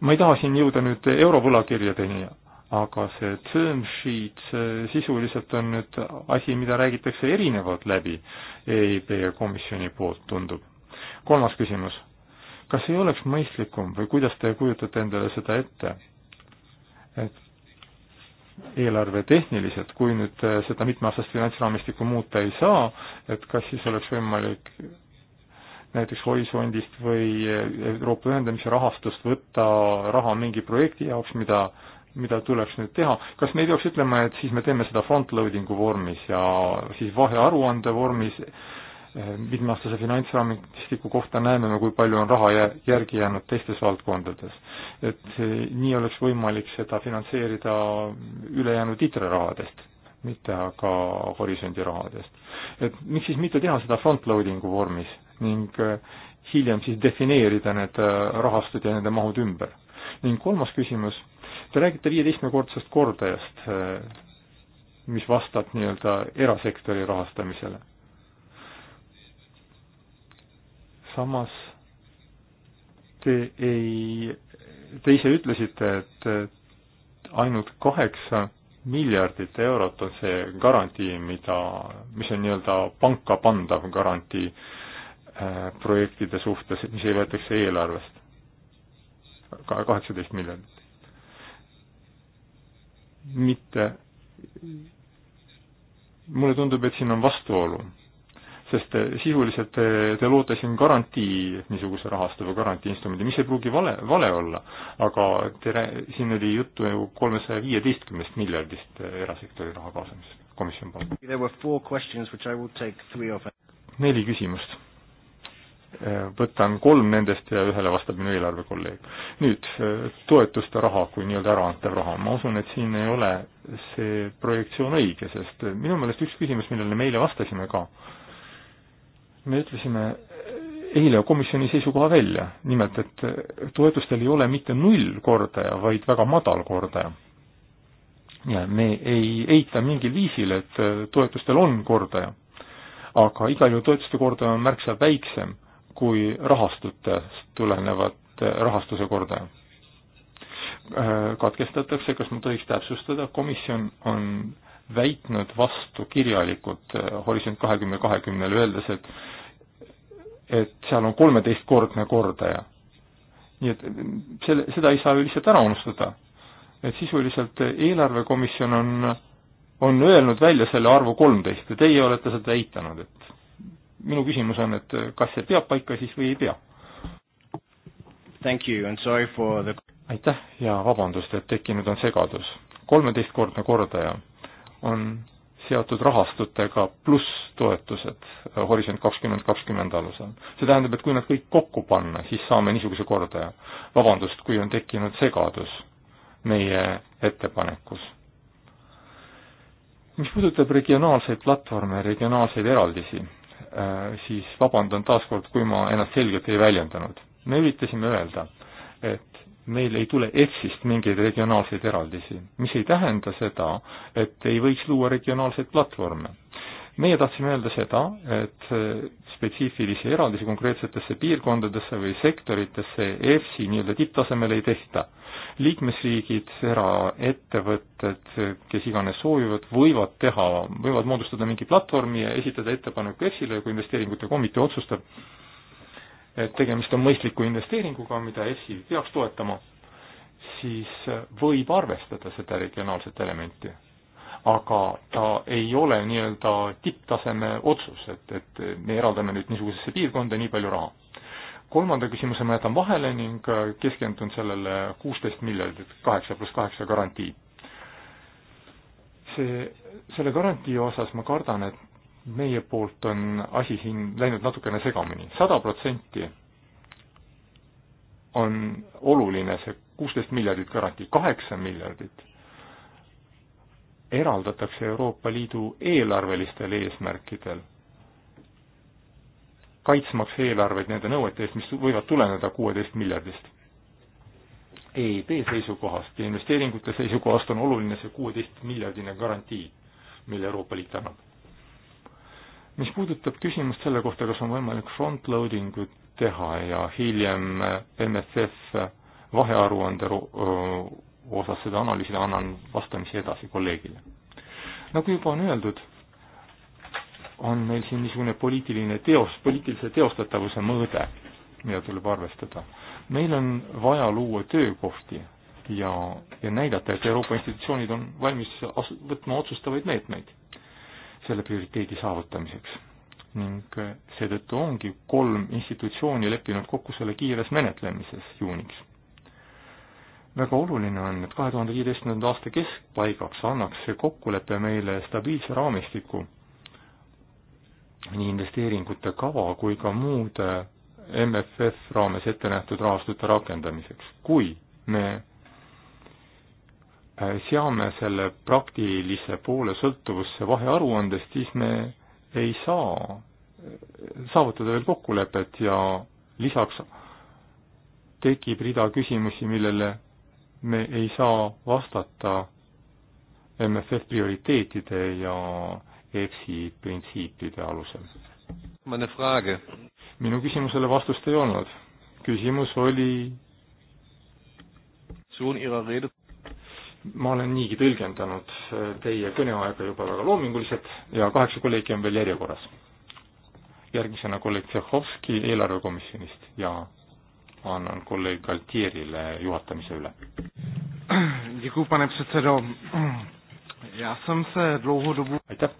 ma ei taha siin jõuda nüüd eurovõlakirjadeni, aga see term sheet, see sisuliselt on nüüd asi, mida räägitakse erinevalt läbi EIB ja komisjoni poolt, tundub. kolmas küsimus. kas ei oleks mõistlikum või kuidas te kujutate endale seda ette, et eelarve tehniliselt, kui nüüd seda mitmeaastast finantsraamistikku muuta ei saa, et kas siis oleks võimalik näiteks Horisondist või Euroopa ühendamise rahastust võtta raha mingi projekti jaoks, mida mida tuleks nüüd teha, kas me ei peaks ütlema, et siis me teeme seda front-loading'u vormis ja siis vahearuande vormis, eh, mitmeaastase finantsraamistiku kohta näeme me, kui palju on raha järgi jäänud teistes valdkondades. et eh, nii oleks võimalik seda finantseerida ülejäänud ITRE rahadest, mitte aga Horisondi rahadest. et miks siis mitte teha seda front-loading'u vormis ning eh, hiljem siis defineerida need rahastud ja nende mahud ümber. ning kolmas küsimus Te räägite viieteistkümnekordsest kordajast, eh, mis vastab nii-öelda erasektori rahastamisele. samas te ei, te ise ütlesite, et ainult kaheksa miljardit eurot on see garantii, mida, mis on nii-öelda panka pandav garantii eh, projektide suhtes, mis ei võetakse eelarvest, kaheksateist miljonit mitte, mulle tundub, et siin on vastuolu. sest te, sisuliselt te, te loote siin garantii, niisuguse rahastava garantiiinstrumendi, mis ei pruugi vale, vale olla, aga te, siin oli juttu ju kolmesaja viieteistkümnest miljardist erasektori raha kaasamisest, komisjon palub. neli küsimust Äh, võtan kolm nendest ja ühele vastab minu eelarvekolleeg. nüüd äh, toetuste raha kui nii-öelda äraantav raha, ma usun, et siin ei ole see projektsioon õige, sest äh, minu meelest üks küsimus, millele me eile vastasime ka, me ütlesime eile komisjoni seisukoha välja, nimelt et toetustel ei ole mitte null kordaja, vaid väga madal kordaja. ja me ei eita mingil viisil, et toetustel on kordaja, aga igal juhul toetuste kordaja on märksa väiksem kui rahastutest tulenevat eh, rahastuse kordaja. Eh, katkestatakse, kas ma tohiks täpsustada, komisjon on väitnud vastu kirjalikult eh, Horisont kahekümne kahekümnele, öeldes, et et seal on kolmeteistkordne kordaja. nii et selle, seda ei saa ju lihtsalt ära unustada. et sisuliselt eelarvekomisjon on, on öelnud välja selle arvu kolmteist ja teie olete seda eitanud, et minu küsimus on, et kas see peab paika siis või ei pea? The... aitäh ja vabandust, et tekkinud on segadus. kolmeteistkordne kordaja on seatud rahastutega pluss toetused äh, Horisont kakskümmend kakskümmend alusel. see tähendab, et kui nad kõik kokku panna, siis saame niisuguse kordaja. vabandust, kui on tekkinud segadus meie ettepanekus. mis puudutab regionaalseid platvorme, regionaalseid eraldisi, Äh, siis vabandan taaskord, kui ma ennast selgelt ei väljendanud. me üritasime öelda, et meil ei tule EFSist mingeid regionaalseid eraldisi, mis ei tähenda seda, et ei võiks luua regionaalseid platvorme. meie tahtsime öelda seda, et äh, spetsiifilisi eraldisi konkreetsetesse piirkondadesse või sektoritesse EFSi nii-öelda tipptasemel ei tehta liikmesriigid, eraettevõtted, kes iganes soovivad, võivad teha, võivad moodustada mingi platvormi ja esitada ettepaneku EFSile, kui investeeringute komitee otsustab, et tegemist on mõistliku investeeringuga, mida EFSi peaks toetama, siis võib arvestada seda regionaalset elementi aga ta ei ole nii-öelda tipptaseme otsus, et, et me eraldame nüüd niisugusesse piirkonda nii palju raha kolmanda küsimuse ma jätan vahele ning äh, keskendun sellele kuusteist miljardit, kaheksa pluss kaheksa garantii. see, selle garantii osas ma kardan, et meie poolt on asi siin läinud natukene segamini, sada protsenti on oluline see kuusteist miljardit garantii, kaheksa miljardit eraldatakse Euroopa Liidu eelarvelistel eesmärkidel kaitsmaks eelarveid nende nõuete eest, mis võivad tuleneda kuueteist miljardist. EIB seisukohast ja investeeringute seisukohast on oluline see kuueteist miljardine garantii, mille Euroopa Liit annab. mis puudutab küsimust selle kohta, kas on võimalik front-loading ut teha ja hiljem äh, MFF äh, vahearuande osas seda analüüsida, annan vastamisi edasi kolleegile. nagu juba on öeldud on meil siin niisugune poliitiline teos, poliitilise teostatavuse mõõde, mida tuleb arvestada. meil on vaja luua töökohti ja, ja näidata, et Euroopa institutsioonid on valmis asu-, võtma otsustavaid meetmeid selle prioriteedi saavutamiseks. ning seetõttu ongi kolm institutsiooni leppinud kokku selle kiires menetlemises juuniks väga oluline on, et kahe tuhande viieteistkümnenda aasta keskpaigaks annaks see kokkulepe meile stabiilse raamistiku nii investeeringute kava kui ka muude MFF raames ette nähtud rahastute rakendamiseks. kui me äh, seame selle praktilise poole sõltuvusse vahearuandest, siis me ei saa äh, saavutada veel kokkulepet ja lisaks tekib rida küsimusi, millele me ei saa vastata MFF prioriteetide ja EFSI printsiipide alusel. minu küsimusele vastust ei olnud. küsimus oli ma olen niigi tõlgendanud äh, teie kõneaega juba väga loominguliselt ja kaheksa kolleegi on veel järjekorras. järgmisena kolleeg Tšehhovski eelarvekomisjonist ja annan kolleeg Galtierile juhatamise üle. aitäh.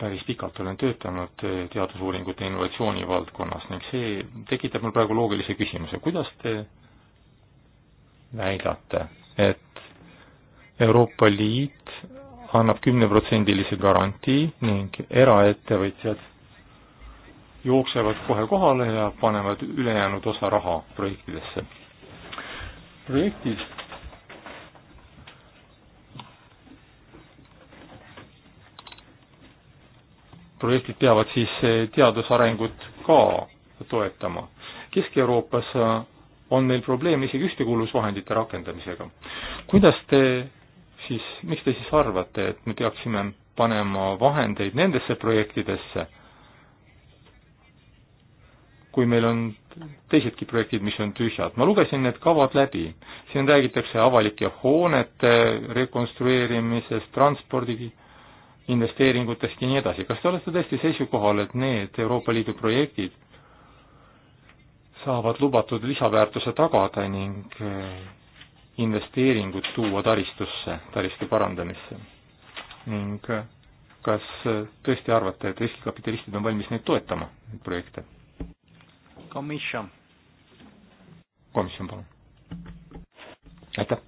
päris pikalt olen töötanud teadusuuringute innovatsiooni valdkonnas ning see tekitab mul praegu loogilise küsimuse, kuidas te väidate, et Euroopa Liit annab kümneprotsendilise garantii ning eraettevõtjad jooksevad kohe kohale ja panevad ülejäänud osa raha projektidesse. projektid projektid peavad siis eh, teadusarengut ka toetama. Kesk-Euroopas eh, on meil probleem isegi ühtekuuluvusvahendite rakendamisega. kuidas te siis, miks te siis arvate, et me peaksime panema vahendeid nendesse projektidesse, kui meil on teisedki projektid, mis on tühjad. ma lugesin need kavad läbi, siin räägitakse avalike hoonete rekonstrueerimisest, transpordi investeeringutest ja nii edasi. kas te olete tõesti seisukohal, et need Euroopa Liidu projektid saavad lubatud lisaväärtuse tagada ning eh, investeeringud tuua taristusse, taristu parandamisse? ning eh, kas eh, tõesti arvate, et riskikapitalistid on valmis neid toetama, neid projekte? komisjon. komisjon, palun. aitäh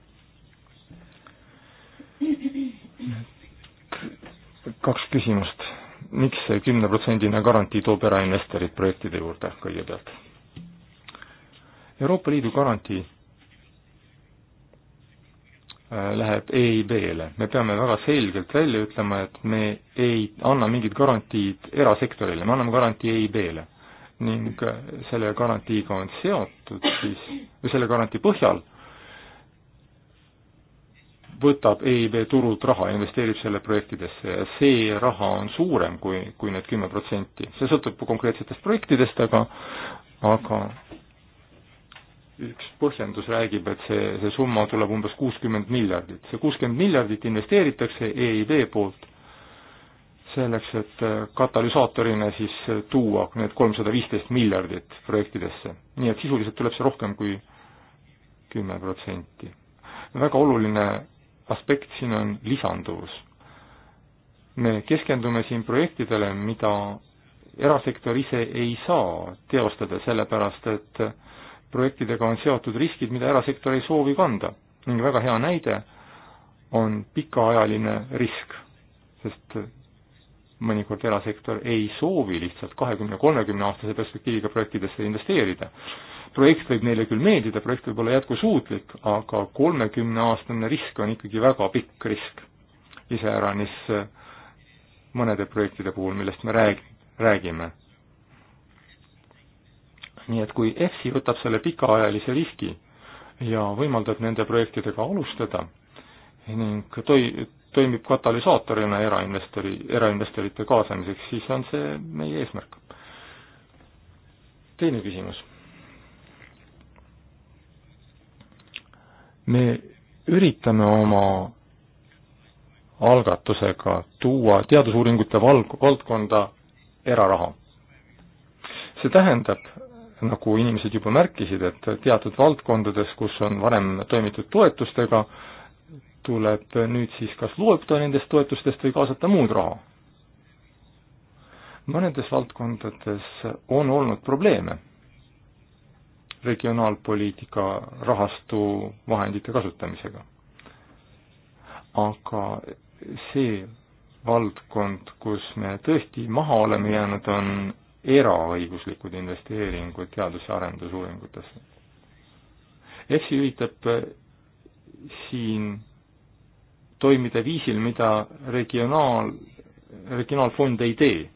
kaks küsimust. miks see kümneprotsendine garantii toob erainvestorid projektide juurde kõigepealt? Euroopa Liidu garantii äh, läheb EIB-le, me peame väga selgelt välja ütlema, et me ei anna mingit garantiid erasektorile, me anname garantii EIB-le. ning äh, selle garantiiga on seotud siis, või selle garantii põhjal võtab EIB turult raha, investeerib selle projektidesse ja see raha on suurem kui, kui need kümme protsenti. see sõltub konkreetsetest projektidest, aga, aga üks põhjendus räägib, et see, see summa tuleb umbes kuuskümmend miljardit. see kuuskümmend miljardit investeeritakse EIB poolt selleks, et äh, katalüsaatorina siis äh, tuua need kolmsada viisteist miljardit projektidesse. nii et sisuliselt tuleb see rohkem kui kümme protsenti väga oluline aspekt siin on lisanduvus. me keskendume siin projektidele, mida erasektor ise ei saa teostada, sellepärast et projektidega on seotud riskid, mida erasektor ei soovi kanda ning väga hea näide on pikaajaline risk, sest mõnikord erasektor ei soovi lihtsalt kahekümne, kolmekümne aastase perspektiiviga projektidesse investeerida projekt võib neile küll meeldida, projekt võib olla jätkusuutlik, aga kolmekümneaastane risk on ikkagi väga pikk risk. iseäranis eh, mõnede projektide puhul, millest me rääg-, räägime. nii et kui EFSI võtab selle pikaajalise riski ja võimaldab nende projektidega alustada ning toi-, toimib katalüsaatorina erainvestori, erainvestorite kaasamiseks, siis on see meie eesmärk. teine küsimus me üritame oma algatusega tuua teadusuuringute valg-, valdkonda eraraha. see tähendab, nagu inimesed juba märkisid, et teatud valdkondades, kus on varem toimitud toetustega, tuleb nüüd siis kas loobuda nendest toetustest või kaasata muud raha. mõnedes valdkondades on olnud probleeme regionaalpoliitika rahastu vahendite kasutamisega. aga see valdkond, kus me tõesti maha oleme jäänud, on eraõiguslikud investeeringud teadus- ja arendusuuringutesse. EFSI üritab siin toimida viisil, mida regionaal, regionaalfond ei tee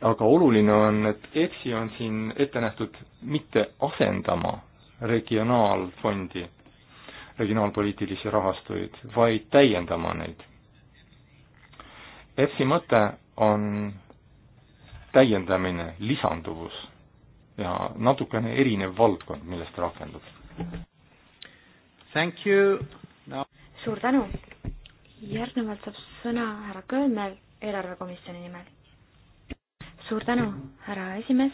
aga oluline on, et EFSI on siin ette nähtud mitte asendama regionaalfondi, regionaalpoliitilisi rahastuid, vaid täiendama neid. EFSI mõte on täiendamine, lisanduvus ja natukene erinev valdkond, millest ta rakendub. Thank you no.. suur tänu. järgnevalt saab sõna härra Kölmel eelarvekomisjoni nimel suur tänu, härra esimees.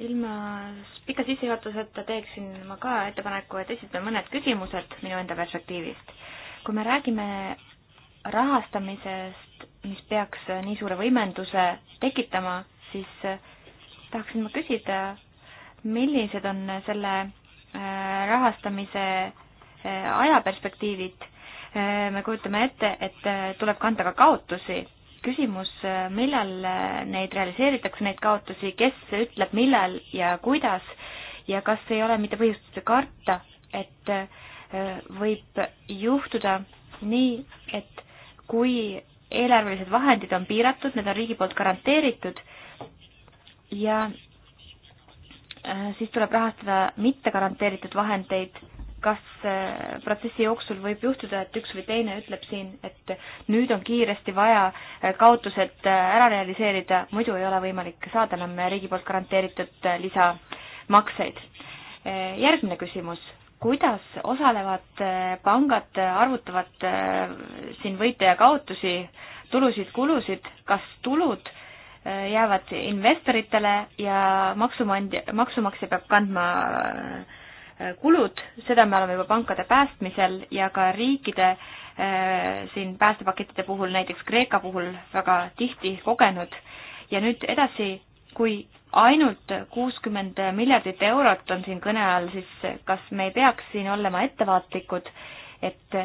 ilma pika sissejuhatuseta teeksin ma ka ettepaneku, et esitan mõned küsimused minu enda perspektiivist. kui me räägime rahastamisest, mis peaks nii suure võimenduse tekitama, siis äh, tahaksin ma küsida, millised on selle äh, rahastamise äh, ajaperspektiivid me kujutame ette, et tuleb kanda ka kaotusi küsimus, millal neid realiseeritakse, neid kaotusi, kes ütleb, millal ja kuidas ja kas ei ole mitte põhjust karta, et äh, võib juhtuda nii, et kui eelarvelised vahendid on piiratud, need on riigi poolt garanteeritud ja äh, siis tuleb rahastada mitte garanteeritud vahendeid kas protsessi jooksul võib juhtuda, et üks või teine ütleb siin, et nüüd on kiiresti vaja eh, kaotused eh, ära realiseerida, muidu ei ole võimalik saada enam eh, riigi poolt garanteeritud lisamakseid. järgmine küsimus, kuidas osalevad pangad arvutavad siin võite ja kaotusi, tulusid-kulusid, kas tulud jäävad investoritele ja maksumaksja, maksumaksja peab kandma äh, kulud, seda me oleme juba pankade päästmisel ja ka riikide eh, siin päästepakettide puhul, näiteks Kreeka puhul väga tihti kogenud ja nüüd edasi, kui ainult kuuskümmend miljardit eurot on siin kõne all, siis kas me ei peaks siin olema ettevaatlikud, et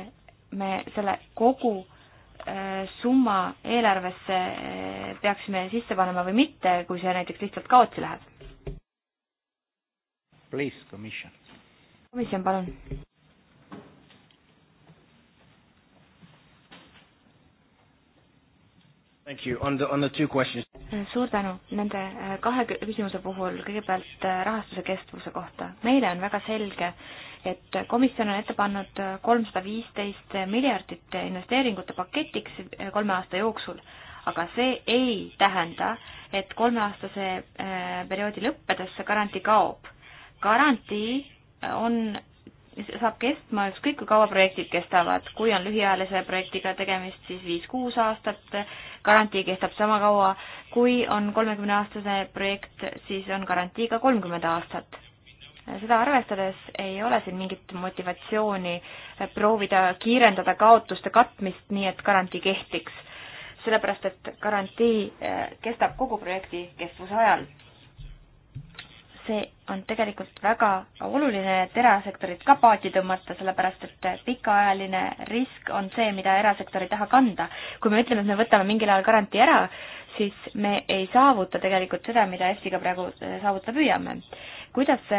me selle kogu eh, summa eelarvesse eh, peaksime sisse panema või mitte, kui see näiteks lihtsalt kaotsi läheb? Please, commission komisjon, palun. Thank you. On the, on the two questions. suur tänu nende äh, kahe küsimuse puhul, kõigepealt äh, rahastuse kestvuse kohta. meile on väga selge, et komisjon on ette pannud kolmsada viisteist miljardit investeeringute paketiks äh, kolme aasta jooksul, aga see ei tähenda, et kolmeaastase perioodi lõppedes see garantii kaob. garantii on, saab kestma ükskõik kui kaua projektid kestavad, kui on lühiajalise projektiga tegemist, siis viis-kuus aastat, garantii kestab sama kaua, kui on kolmekümneaastase projekt, siis on garantii ka kolmkümmend aastat seda arvestades ei ole siin mingit motivatsiooni proovida kiirendada kaotuste katmist nii, et garantii kehtiks. sellepärast, et garantii eh, kestab kogu projekti kestvuse ajal see on tegelikult väga oluline, et erasektorit ka paati tõmmata, sellepärast et pikaajaline risk on see, mida erasektor ei taha kanda. kui me ütleme, et me võtame mingil ajal garantii ära, siis me ei saavuta tegelikult seda, mida EFSiga praegu äh, saavutada püüame. kuidas äh,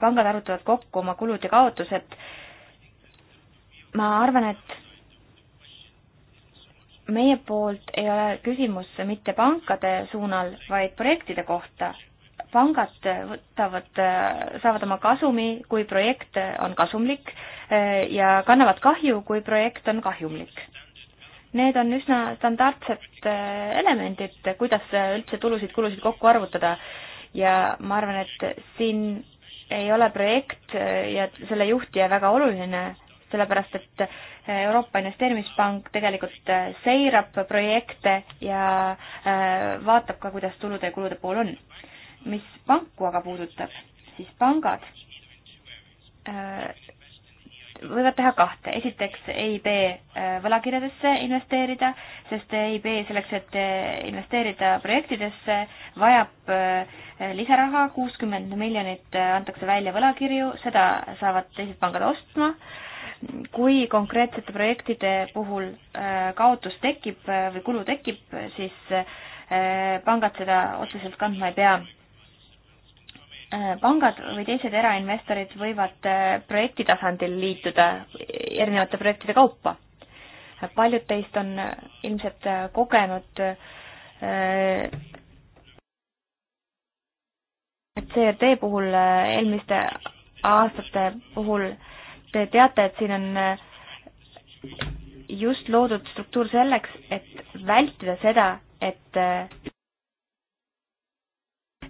pangad arutavad kokku oma kulud ja kaotused? ma arvan, et meie poolt ei ole küsimus mitte pankade suunal, vaid projektide kohta pangad võtavad, saavad oma kasumi, kui projekt on kasumlik eh, ja kannavad kahju, kui projekt on kahjumlik. Need on üsna standardsed eh, elemendid, kuidas eh, üldse tulusid-kulusid kokku arvutada ja ma arvan, et siin ei ole projekt ja selle juhtija väga oluline, sellepärast et Euroopa Investeerimispank tegelikult seirab projekte ja vaatab ka, kuidas tulude ja kulude pool on mis panku aga puudutab, siis pangad äh, võivad teha kahte. esiteks EIB äh, võlakirjadesse investeerida, sest EIB selleks, et äh, investeerida projektidesse, vajab lisaraha, kuuskümmend miljonit antakse välja võlakirju, seda saavad teised pangad ostma. kui konkreetsete projektide puhul kaotus tekib või kulu tekib, siis pangad seda otseselt kandma ei pea Äh, pangad või teised erainvestorid võivad äh, projekti tasandil liituda erinevate projektide kaupa. paljud teist on äh, ilmselt kogenud CRD puhul, eelmiste aastate puhul, te teate, et siin on just loodud struktuur selleks, et vältida seda, et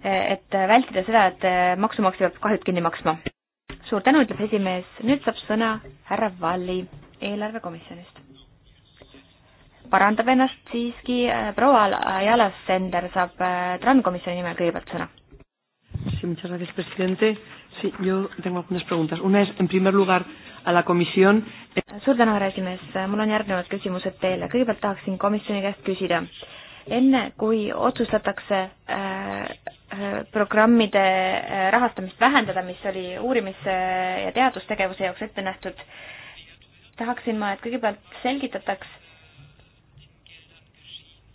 et vältida seda, et maksumaksja peab kahjud kinni maksma. suur tänu, ütleb esimees, nüüd saab sõna härra Valli eelarvekomisjonist. parandab ennast siiski äh, proua Jalas Sender saab äh, TRAN komisjoni nimel kõigepealt sõna. Sí, muchas gracias, presidente. Sí, yo tengo algunas preguntas. Una es, en primer lugar, a la comisión. Suur tänu, härra esimees. Mul on järgnevad küsimused teile. Kõigepealt tahaksin komisjoni käest küsida. Enne kui otsustatakse äh, programmide äh, rahastamist vähendada, mis oli uurimis- ja teadustegevuse jaoks ette nähtud, tahaksin ma, et kõigepealt selgitataks,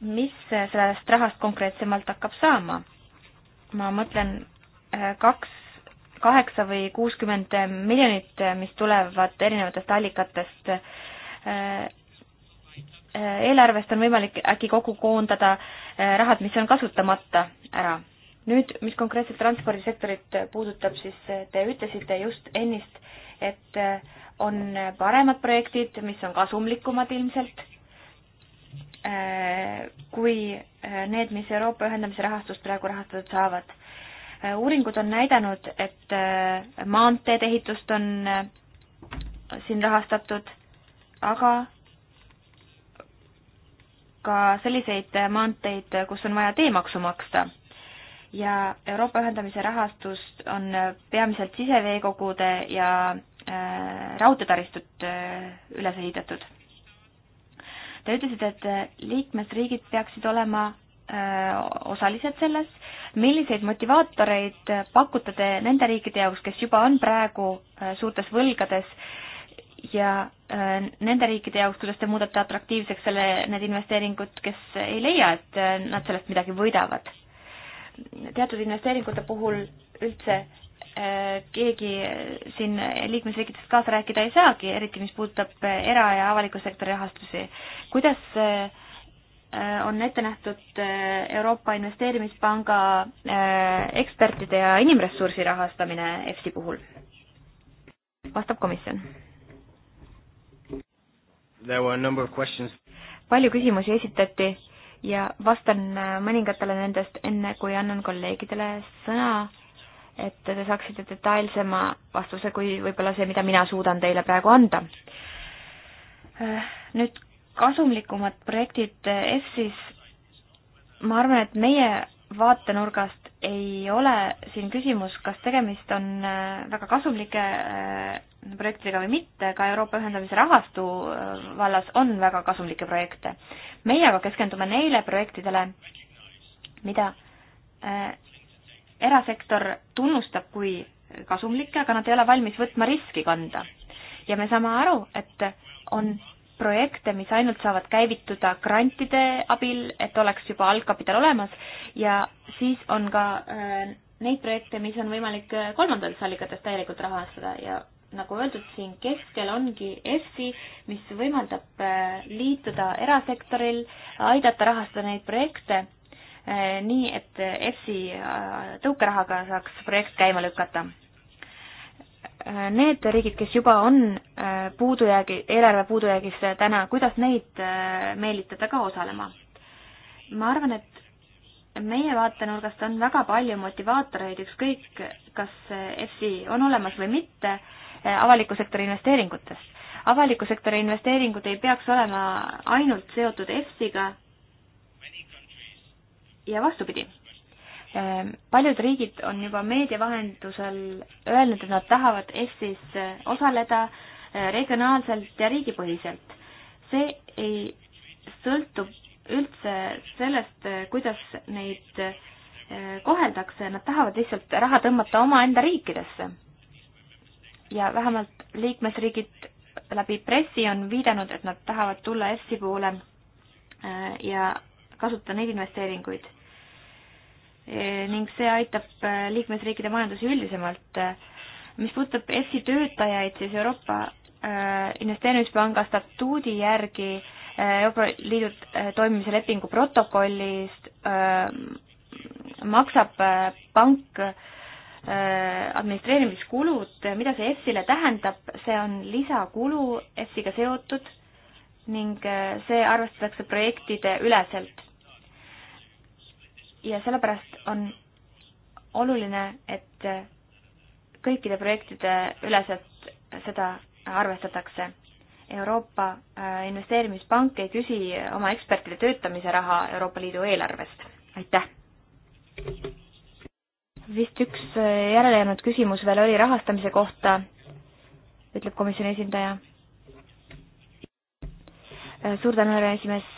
mis sellest rahast konkreetsemalt hakkab saama. ma mõtlen äh, kaks, kaheksa või kuuskümmend miljonit, äh, mis tulevad erinevatest allikatest. eelarvest on võimalik äkki kokku koondada rahad, mis on kasutamata ära nüüd, mis konkreetselt transpordisektorit puudutab, siis te ütlesite just ennist, et on paremad projektid, mis on kasumlikumad ilmselt, kui need, mis Euroopa ühendamise rahastust praegu rahastatud saavad. uuringud on näidanud, et maanteede ehitust on siin rahastatud, aga ka selliseid maanteid, kus on vaja teemaksu maksta ja Euroopa ühendamise rahastust on peamiselt siseveekogude ja äh, raudteetaristut äh, üles ehitatud. Te ütlesite, et äh, liikmesriigid peaksid olema osalised selles. milliseid motivaatoreid pakute te nende riikide jaoks, kes juba on praegu suurtes võlgades ja nende riikide jaoks, kuidas te muudate atraktiivseks selle, need investeeringud, kes ei leia, et nad sellest midagi võidavad? teatud investeeringute puhul üldse äh, keegi siin liikmesriikidest kaasa rääkida ei saagi, eriti mis puudutab äh, era- ja avaliku sektori rahastusi. kuidas äh, on ette nähtud Euroopa Investeerimispanga ekspertide ja inimressursi rahastamine EFSI puhul? vastab komisjon. palju küsimusi esitati ja vastan äh, mõningatele nendest enne, kui annan kolleegidele sõna, et te saaksite detailsema vastuse kui võib-olla see, mida mina suudan teile praegu anda. Äh, nüüd kasumlikumad projektid EFSis, äh, ma arvan, et meie vaatenurgast ei ole siin küsimus, kas tegemist on äh, väga kasumlike äh, projektidega või mitte, ka Euroopa ühendamise rahastu äh, vallas on väga kasumlikke projekte. meie aga keskendume neile projektidele, mida erasektor tunnustab kui kasumlikke, aga nad ei ole valmis võtma riski kanda. ja me saame aru, et on projekte, mis ainult saavad käivituda grantide abil, et oleks juba algkapital olemas ja siis on ka äh, neid projekte, mis on võimalik äh, kolmandates allikates täielikult rahastada ja nagu öeldud, siin keskel ongi EFSI, mis võimaldab äh, liituda erasektoril, aidata rahastada neid projekte nii, et EFSI tõukerahaga saaks projekt käima lükata Need riigid, kes juba on äh, puudujäägi, eelarve puudujäägis äh, täna, kuidas neid äh, meelitada ka osalema? ma arvan, et meie vaatenurgast on väga palju motivaatoreid, ükskõik kas EFSI on olemas või mitte, avaliku sektori investeeringutest. avaliku sektori investeeringud ei peaks olema ainult seotud EFSI-ga ja vastupidi. Ehm, paljud riigid on juba meedia vahendusel öelnud, et nad tahavad EFSis eh, osaleda eh, regionaalselt ja riigipõhiselt. see ei sõltu üldse sellest, eh, kuidas neid koheldakse, nad tahavad lihtsalt raha tõmmata omaenda riikidesse. ja vähemalt liikmesriigid läbi pressi on viidanud, et nad tahavad tulla EFSi poole ja kasutada neid investeeringuid E, ning see aitab e, liikmesriikide majandusi üldisemalt. E, mis puudutab EFSI töötajaid, siis Euroopa Investeerimispanga statuudi järgi Euroopa Liidu toimimise lepingu protokollist maksab pank administreerimiskulud, mida see EFSile tähendab, see on lisakulu EFSiga seotud ning see arvestatakse projektide üleselt ja sellepärast on oluline, et kõikide projektide üleselt seda arvestatakse. Euroopa äh, Investeerimispank ei küsi oma ekspertide töötamise raha Euroopa Liidu eelarvest. aitäh! vist üks äh, järelejäänud küsimus veel oli rahastamise kohta, ütleb komisjoni esindaja. Äh, suur tänu, härra esimees,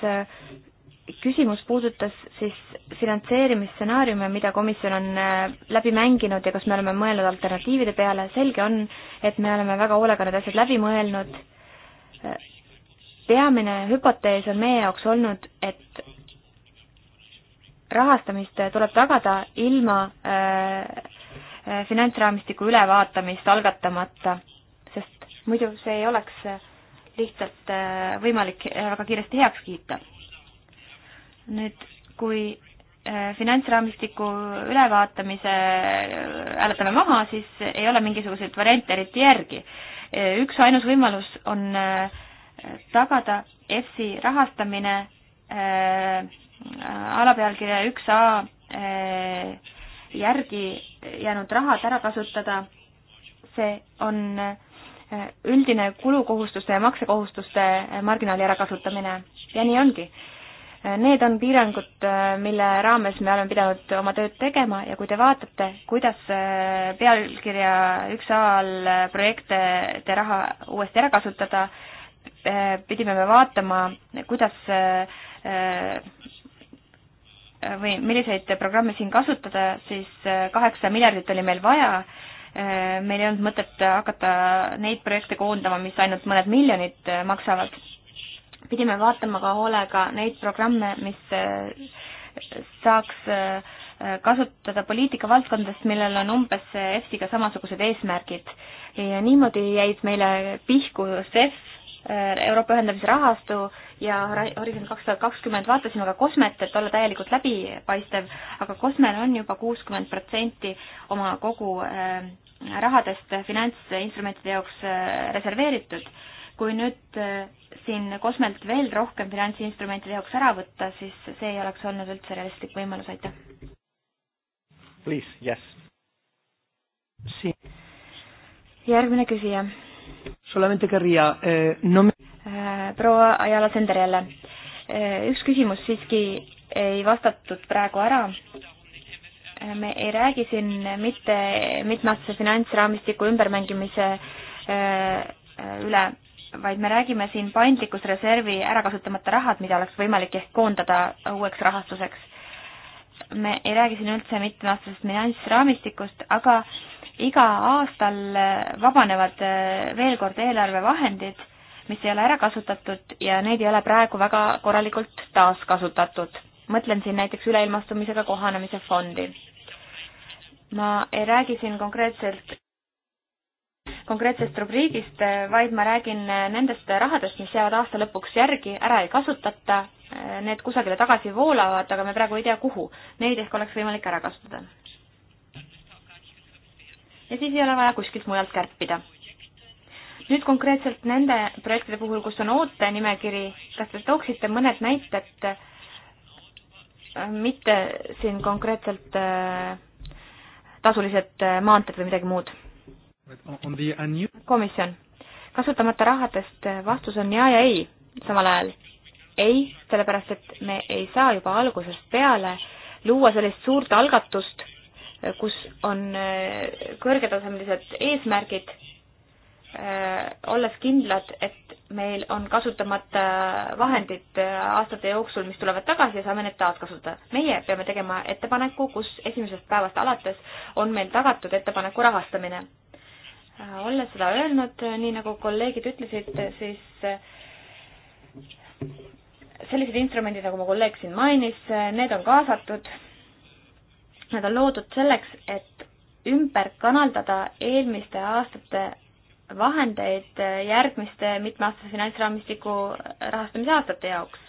küsimus puudutas siis finantseerimisstsenaariume, mida komisjon on äh, läbi mänginud ja kas me oleme mõelnud alternatiivide peale, selge on, et me oleme väga hoolega need asjad läbi mõelnud. Äh, peamine hüpotees on meie jaoks olnud, et rahastamist tuleb tagada ilma äh, äh finantsraamistiku ülevaatamist algatamata, sest muidu see ei oleks lihtsalt äh, võimalik väga kiiresti heaks kiita nüüd, kui äh, finantsraamistiku ülevaatamise hääletame maha, siis ei ole mingisuguseid variante eriti järgi. Äh, üks ainus võimalus on äh, tagada EFSI rahastamine alapealkirja üks A järgi jäänud rahad ära kasutada, see on üldine kulukohustuste ja maksekohustuste marginaali ärakasutamine ja nii ongi Need on piirangud, mille raames me oleme pidanud oma tööd tegema ja kui te vaatate, kuidas äh, pealkirja üks A all projektide raha uuesti ära kasutada, äh, pidime me vaatama, kuidas äh, või milliseid programme siin kasutada, siis kaheksa miljardit oli meil vaja, meil ei olnud mõtet hakata neid projekte koondama, mis ainult mõned miljonid maksavad pidime vaatama ka hoolega neid programme, mis eh, saaks eh, kasutada poliitikavaldkondades, millel on umbes EFSiga samasugused eesmärgid. ja niimoodi jäid meile pihku CEF, eh, Euroopa ühendamise rahastu ja Horisont kaks tuhat kakskümmend, vaatasime ka Kosmet, et olla täielikult läbipaistev, aga Kosmel on juba kuuskümmend protsenti oma kogu rahadest finantsinstrumentide jaoks reserveeritud. kui nüüd siin kosmelt veel rohkem finantsinstrumentide jaoks ära võtta, siis see ei oleks olnud üldse realistlik võimalus, aitäh. Please, yes. järgmine küsija. Solamente querría eh, no me... Äh, proua Ajala Sender jälle. Äh, üks küsimus siiski ei vastatud praegu ära äh, me ei räägi siin mitte mitmeaastase finantsraamistiku ümbermängimise üle vaid me räägime siin paindlikkusreservi ärakasutamata rahad, mida oleks võimalik ehk koondada uueks rahastuseks. me ei räägi siin üldse mitmeaastasest finantsraamistikust, aga igal aastal vabanevad eh, veel kord eelarvevahendid, mis ei ole ära kasutatud ja neid ei ole praegu väga korralikult taaskasutatud. mõtlen siin näiteks üleilmastumisega kohanemise fondi. ma ei räägi siin konkreetselt konkreetsest rubriigist, eh, vaid ma räägin eh, nendest rahadest, mis jäävad aasta lõpuks järgi, ära ei kasutata, eh, need kusagile tagasi voolavad, aga me praegu ei tea, kuhu. Neid ehk oleks võimalik ära kasutada. ja siis ei ole vaja kuskilt mujalt kärpida. nüüd konkreetselt nende projektide puhul, kus on ootenimekiri, kas te tooksite mõned näited, mitte siin konkreetselt tasulised maanteed või midagi muud komisjon, kasutamata rahadest eh, vastus on jaa ja ei samal ajal. ei, sellepärast et me ei saa juba algusest peale luua sellist suurt algatust, eh, kus on eh, kõrgetasemelised eesmärgid, olles kindlad, et meil on kasutamata vahendid aastate jooksul, mis tulevad tagasi ja saame need taaskasutada. meie peame tegema ettepaneku, kus esimesest päevast alates on meil tagatud ettepaneku rahastamine Äh, olles seda öelnud, nii nagu kolleegid ütlesid, siis äh, sellised instrumendid, nagu mu kolleeg siin mainis, äh, need on kaasatud. Nad on loodud selleks, et ümber kanaldada eelmiste aastate vahendeid järgmiste mitmeaastase finantsraamistiku rahastamise aastate jaoks.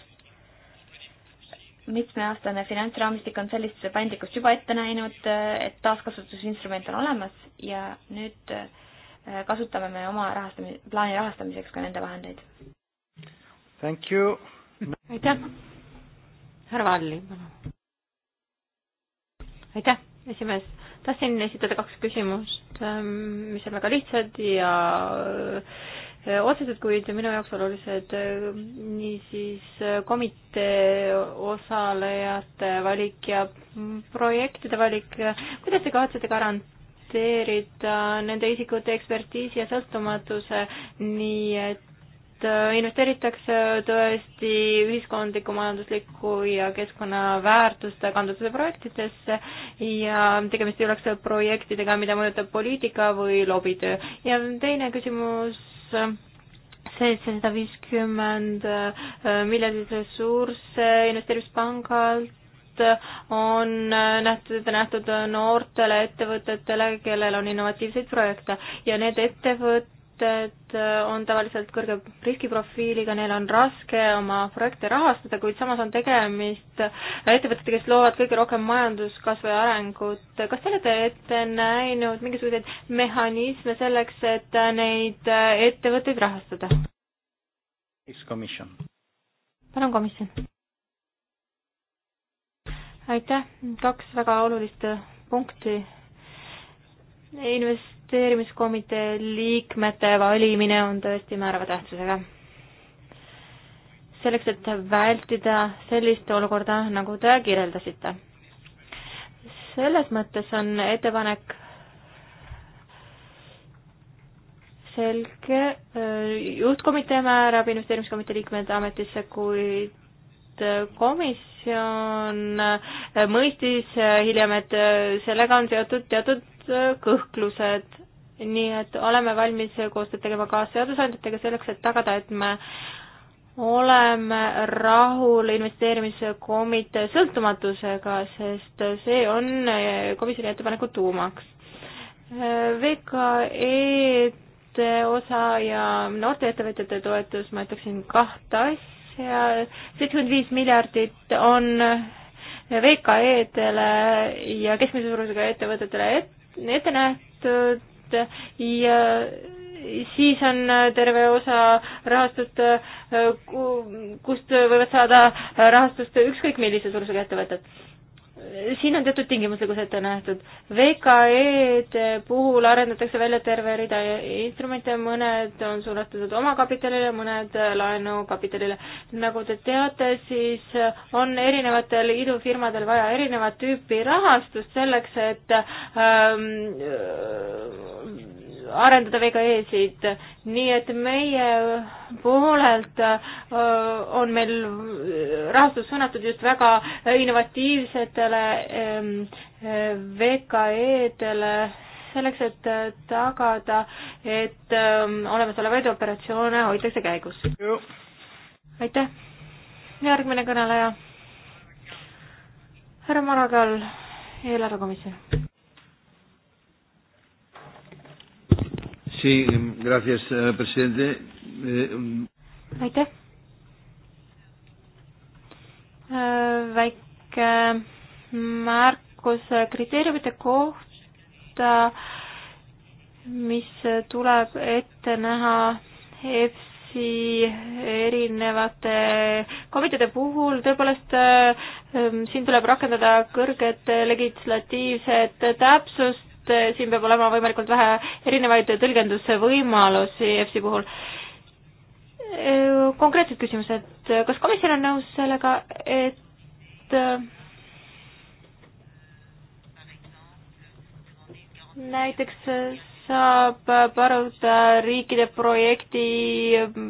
mitmeaastane finantsraamistik on sellist paindlikkust juba ette näinud, et taaskasutusinstrument on olemas ja nüüd äh, Äh, kasutame me oma rahastamise, plaani rahastamiseks ka nende vahendeid. Thank you. aitäh. härra Valli, palun. aitäh, esimees. tahtsin esitada kaks küsimust, ähm, mis on väga lihtsad ja äh, otsesed, kuid minu jaoks olulised. niisiis äh, komitee osalejate valik ja projektide valik. kuidas te kavatsete garanteerida investeerida nende isikute ekspertiisi ja sõltumatuse, nii et äh, investeeritakse tõesti ühiskondliku, majandusliku ja keskkonnaväärtuste kandatuse projektidesse ja tegemist ei oleks projektidega, mida mõjutab poliitika või lobitöö. ja teine küsimus, seitsesada viiskümmend äh, miljardit ressursse investeerimispangalt, on nähtud, ette nähtud noortele ettevõtetele, kellel on innovatiivseid projekte ja need ettevõtted on tavaliselt kõrge riskiprofiiliga, neil on raske oma projekte rahastada, kuid samas on tegemist ettevõtetega, kes loovad kõige rohkem majanduskasvu ja arengut. kas te olete ette näinud mingisuguseid mehhanisme selleks, et neid ettevõtteid rahastada? palun, komisjon aitäh, kaks väga olulist punkti. investeerimiskomitee liikmete valimine on tõesti määrava tähtsusega. selleks, et vältida sellist olukorda, nagu te kirjeldasite. selles mõttes on ettepanek selge, juhtkomitee määrab investeerimiskomitee liikmed ametisse, kuid et komisjon mõistis hiljem, et sellega on seotud teatud kõhklused, nii et oleme valmis koostööd tegema ka seadusandjatega selleks, et tagada, et me oleme rahul investeerimiskomitee sõltumatusega, sest see on komisjoni ettepaneku tuumaks. VKE-d osa ja noorte ettevõtjate toetus, ma ütleksin kahte asja seal seitsekümmend viis miljardit on VKE-dele ja keskmise suurusega ettevõtetele et, ette nähtud ja siis on terve osa rahastust, kust võivad saada rahastust ükskõik millise suurusega ettevõtted siin on teatud tingimuslikkus ette nähtud. VKE-de puhul arendatakse välja terve rida instrumente, mõned on suunatud omakapitalile, mõned laenukapitalile. nagu te teate, siis on erinevatel idufirmadel vaja erinevat tüüpi rahastust selleks, et ähm, arendada VKE-sid, nii et meie poolelt äh, on meil rahastus suunatud just väga innovatiivsetele ettevõtetele, ehm, VKE-dele, selleks, et tagada, et ehm, olemasolevaid operatsioone hoitakse käigus. aitäh. järgmine kõneleja. härra Maragall, eelarvekomisjon. Sí, gracias, eh, presidente. Eh, um, aitäh. Äh, väike märkus kriteeriumite kohta, mis tuleb ette näha EFSI erinevate komiteede puhul, tõepoolest ähm, siin tuleb rakendada kõrget legislatiivset täpsust, siin peab olema võimalikult vähe erinevaid tõlgendusvõimalusi EFSI puhul äh, konkreetsed küsimused, kas komisjon on nõus sellega, et äh, näiteks äh, saab paluda riikide projekti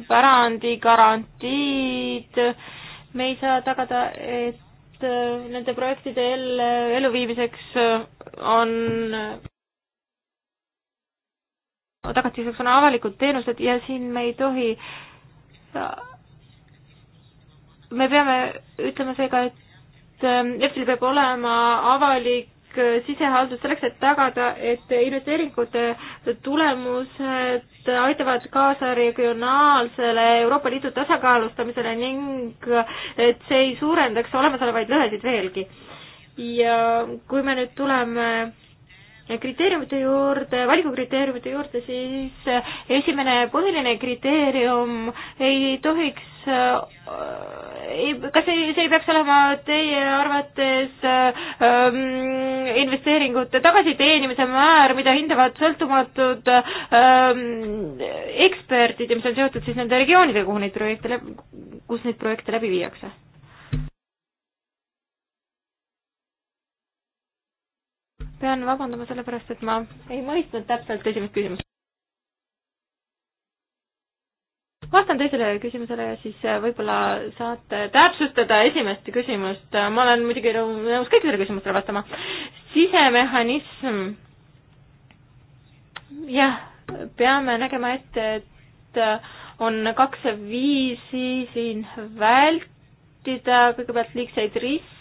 pärandi garantiid. me ei saa tagada, et äh, nende projektide elluviimiseks äh, on tagatiseks on avalikud teenused ja siin me ei tohi, me peame ütlema seega, et EFSil peab olema avalik Äh, sisehaldus selleks, et tagada, et investeeringute tulemused aitavad kaasa regionaalsele Euroopa Liidu tasakaalustamisele ning et see ei suurendaks olemasolevaid lõhesid veelgi. ja kui me nüüd tuleme kriteeriumite juurde, valikukriteeriumite juurde, siis äh, esimene põhiline kriteerium ei tohiks Äh, ei, kas see, see peaks olema teie arvates ähm, investeeringute tagasiteenimise määr, mida hindavad sõltumatud ähm, eksperdid ja mis on seotud siis nende regioonidega, kuhu neid projekte, kus neid projekte läbi viiakse? pean vabandama selle pärast, et ma ei mõistnud täpselt esimest küsimust. vastan teisele küsimusele ja siis äh, võib-olla saate täpsustada esimest küsimust. Äh, ma olen muidugi nõus kõikidele küsimustele vastama. sisemehhanism. jah, peame nägema ette, et äh, on kaks viisi siin vältida kõigepealt liigseid riske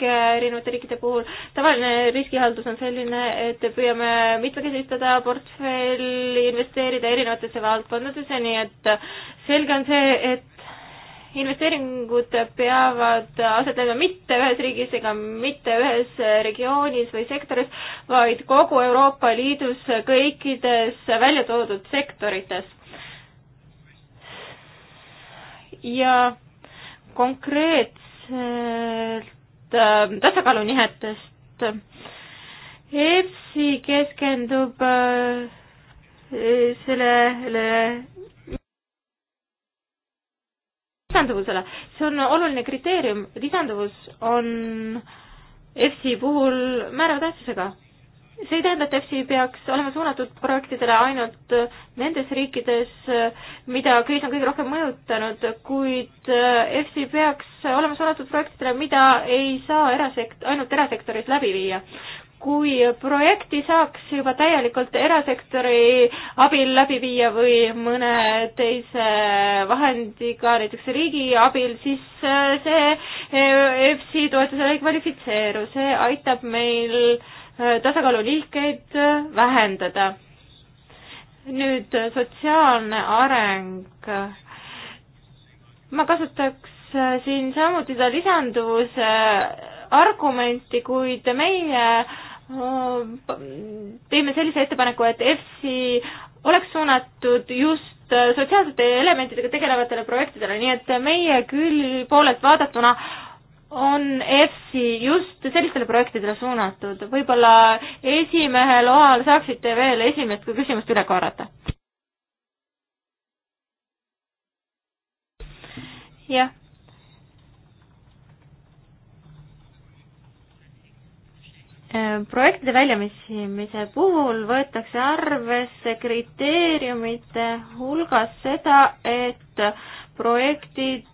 riske äh, erinevate riikide puhul. tavaline riskihaldus on selline, et püüame mitmekesistada portfelli, investeerida erinevatesse valdkondadesse, nii et selge on see, et investeeringud peavad aset leidma mitte ühes riigis ega mitte ühes regioonis või sektoris, vaid kogu Euroopa Liidus kõikides välja toodud sektorites. ja konkreetselt Äh, tasakaalunihetest. EFSI keskendub äh, sellele lisanduvusele, see on oluline kriteerium, lisanduvus on EFSI puhul määrava tähtsusega see ei tähenda, et EFSI peaks olema suunatud projektidele ainult nendes riikides, mida kriis on kõige rohkem mõjutanud, kuid EFSI äh, peaks olema suunatud projektidele, mida ei saa erasekt-, ainult erasektoris läbi viia. kui projekti saaks juba täielikult erasektori abil läbi viia või mõne teise vahendiga, näiteks riigi abil, siis äh, see EFSI äh, toetusele ei kvalifitseeru, see aitab meil äh, Äh, tasakaalulihkeid äh, vähendada. nüüd äh, sotsiaalne areng. ma kasutaks siin samuti seda lisanduvuse argumenti, kuid meie teeme sellise ettepaneku, et EFSI oleks suunatud just sotsiaalsete elementidega tegelevatele projektidele, nii et meie küll poolelt vaadatuna on EFSI just sellistele projektidele suunatud. võib-olla esimehe loal saaksite veel esimest kui küsimust üle korrata? jah. Äh, projektide väljamissimise puhul võetakse arvesse kriteeriumite hulgas seda, et projektid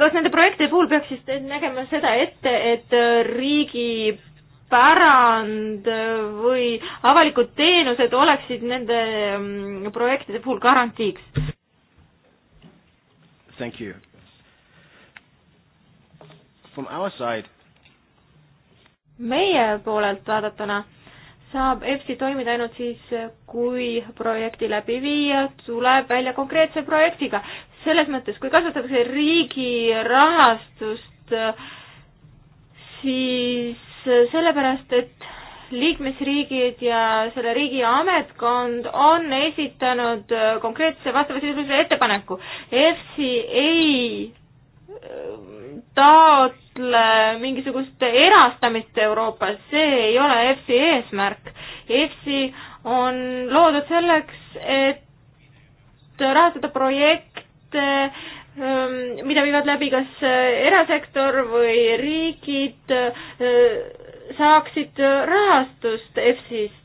kas nende projektide puhul peaks siis nägema seda ette, et riigi pärand või avalikud teenused oleksid nende mm, projektide puhul garantiiks? Thank you. From our side meie poolelt vaadatuna saab EFSI toimida ainult siis, kui projekti läbiviija tuleb välja konkreetse projektiga selles mõttes, kui kasutatakse riigi rahastust, siis sellepärast, et liikmesriigid ja selle riigi ametkond on esitanud konkreetse vastavasisulise ettepaneku. EFSI ei ähm, taotle mingisugust erastamist Euroopas, see ei ole EFSI eesmärk. EFSI on loodud selleks, et rahastada projekt, Ähm, mida viivad läbi kas äh, erasektor või riigid, äh, saaksid rahastust EFSist.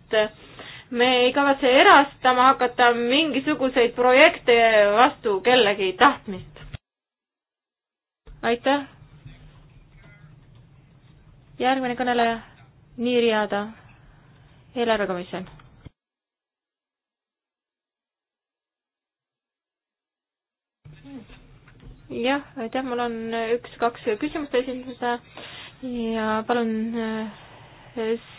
me ei kavatse erastama hakata mingisuguseid projekte vastu kellegi tahtmist. aitäh. järgmine kõneleja, Niiri Aada, eelarvekomisjon jah, aitäh, mul on üks-kaks küsimust esitada ja palun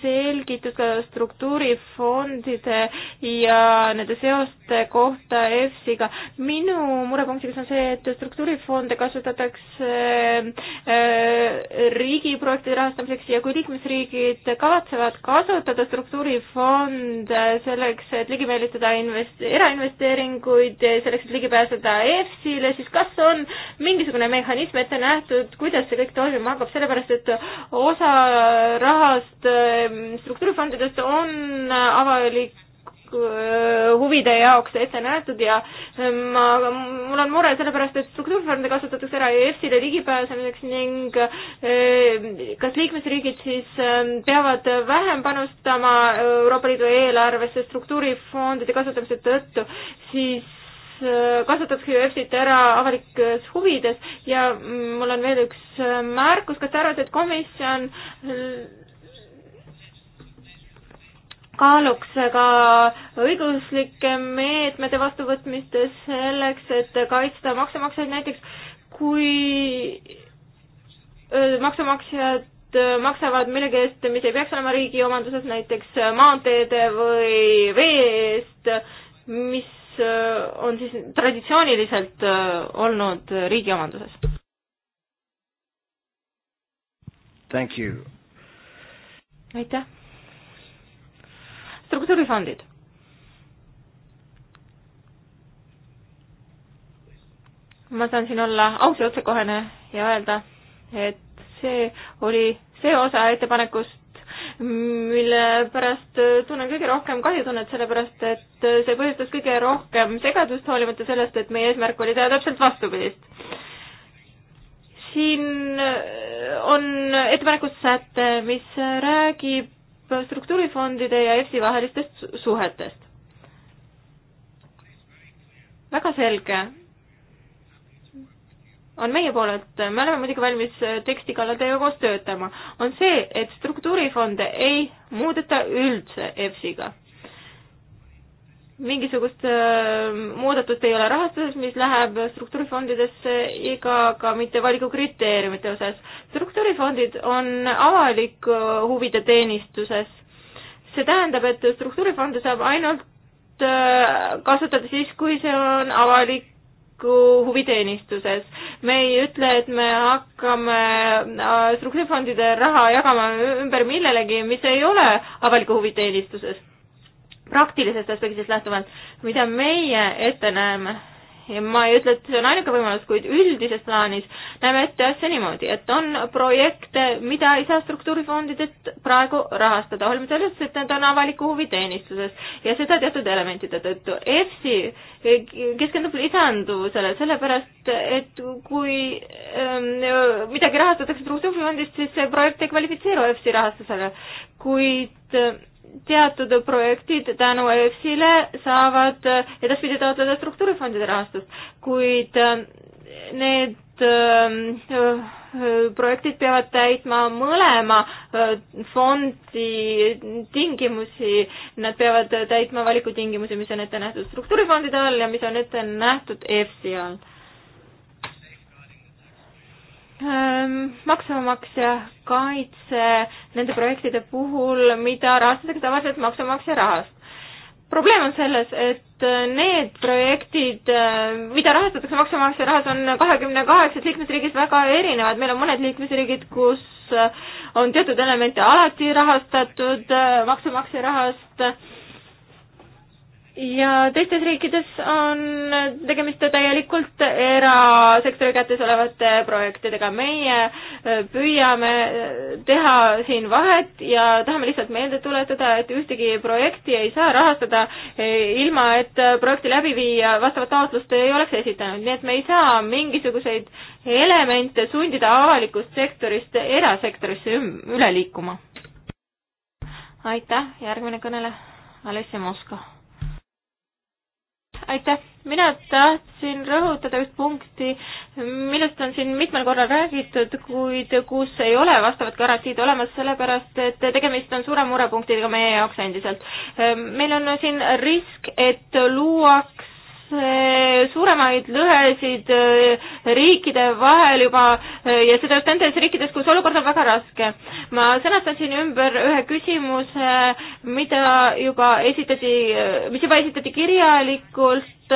selgitus struktuurifondide ja nende seoste kohta EFSiga. minu murepunktiks on see, et struktuurifonde kasutatakse äh, riigiprojektide rahastamiseks ja kui liikmesriigid kavatsevad kasutada struktuurifonde selleks, et ligi meelitada invest-, erainvesteeringuid, selleks, et ligi pääseda EFSile, siis kas on mingisugune mehhanism ette nähtud, kuidas see kõik toimima hakkab, sellepärast et osa rahast Ehm, struktuurifondidest on äh, avalik äh, huvide jaoks ette nähtud ja ehm, ma, mul on mure sellepärast, et struktuurifonde kasutatakse ära EFSile ligipääsemiseks ning ehm, kas liikmesriigid siis peavad vähem panustama Euroopa Liidu eelarvesse struktuurifondide kasutamise tõttu, siis äh, kasutatakse ju EFSit ära avalikes huvides ja mm, mul on veel üks märkus, kas te arvate, et komisjon kaaluks ka õiguslike meetmete vastuvõtmist selleks, et kaitsta maksumaksjaid näiteks, kui maksumaksjad maksavad millegi eest, mis ei peaks olema riigi omanduses, näiteks maanteede või vee eest, mis on siis traditsiooniliselt olnud riigi omanduses. aitäh struktuurifondid. ma saan siin olla aus ja otsekohene ja öelda, et see oli see osa ettepanekust, mille pärast tunnen kõige rohkem kahjutunnet, sellepärast et see põhjustas kõige rohkem segadust, hoolimata sellest, et meie eesmärk oli teha täpselt vastupidist. siin on ettepanekus säte, mis räägib struktuurifondide ja EFSI vahelistest suhetest. väga selge on meie poolelt, me oleme muidugi valmis teksti kallal teiega koos töötama, on see, et struktuurifonde ei muudeta üldse EFSI-ga mingisugust äh, muudatust ei ole rahastuses, mis läheb struktuurifondidesse ega ka mitte valikukriteeriumite osas. struktuurifondid on avalik äh, huvide teenistuses. see tähendab, et struktuurifonde saab ainult äh, kasutada siis, kui see on avaliku huviteenistuses. me ei ütle, et me hakkame struktuurifondide raha jagama ümber millelegi, mis ei ole avaliku huviteenistuses praktilisest aspektist lähtuvalt, mida meie ette näeme, ja ma ei ütle, et see on ainuke võimalus, kuid üldises plaanis näeme ette asja niimoodi, et on projekte, mida ei saa struktuurifondidelt praegu rahastada, hoolimata sellest, et need on avaliku huvi teenistuses ja seda teatud elementide tõttu. EFSI keskendub lisanduvusele, sellepärast et kui ähm, midagi rahastatakse struktuurifondist, siis see projekt ei kvalifitseeru EFSI rahastusele, kuid äh, teatud projektid tänu EFSile saavad edaspidi taotleda struktuurifondide rahastust, kuid ähm, need ähm, äh, projektid peavad täitma mõlema äh, fondi tingimusi, nad peavad täitma valikutingimusi, mis on ette nähtud struktuurifondide all ja mis on ette nähtud EFSI all Ähm, maksumaksja kaitse nende projektide puhul, mida rahastatakse tavaliselt maksumaksja rahast. probleem on selles, et äh, need projektid, äh, mida rahastatakse maksumaksja rahas, on kahekümne kaheksas liikmesriigis väga erinevad, meil on mõned liikmesriigid, kus äh, on teatud elemente alati rahastatud maksumaksja rahast ja teistes riikides on tegemist täielikult erasektori kätes olevate projektidega. meie äh, püüame äh, teha siin vahet ja tahame lihtsalt meelde tuletada, et ühtegi projekti ei saa rahastada äh, ilma, et projekti läbiviija vastavat taotlust ei oleks esitanud, nii et me ei saa mingisuguseid elemente sundida avalikust sektorist erasektorisse üle liikuma. aitäh, järgmine kõneleja, Alessia Moskva aitäh, mina tahtsin rõhutada üht punkti, millest on siin mitmel korral räägitud, kuid kus ei ole vastavad garantiid olemas, sellepärast et tegemist on suure murepunktiga meie jaoks endiselt. meil on siin risk, et luuakse Eh, suuremaid lõhesid eh, riikide vahel juba eh, ja seda just nendes riikides, kus olukord on väga raske. ma sõnastasin ümber ühe küsimuse, mida juba esitati, mis juba esitati kirjalikult,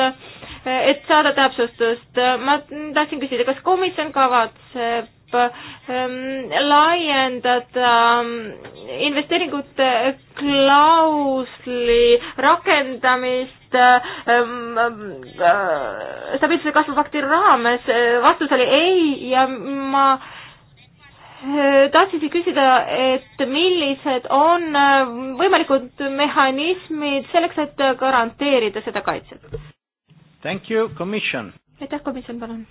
et saada täpsustust. ma tahtsin küsida, kas komisjon kavatseb ehm, laiendada ehm, investeeringute klausli rakendamist eest ähm, ähm, äh, stabiilsuse kasvupakti raames, äh, vastus oli ei ja ma äh, tahtsin siis küsida, et millised on võimalikud mehhanismid selleks, et garanteerida seda kaitset? aitäh, komisjon, palun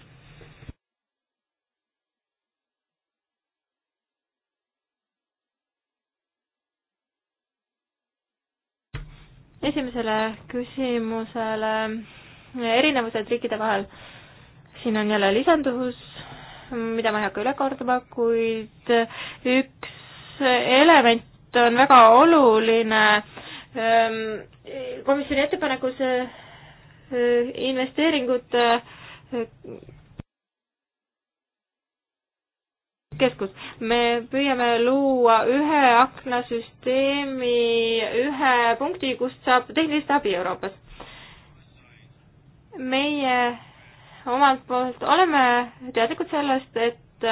esimesele küsimusele, erinevused riikide vahel. siin on jälle lisanduvus, mida ma ei hakka üle kordama, kuid üks element on väga oluline ehm, komisjoni ettepanekus eh, investeeringud keskus. me püüame luua ühe aknasüsteemi, ühe punkti, kust saab tehnilist abi Euroopas. meie omalt poolt oleme teadlikud sellest, et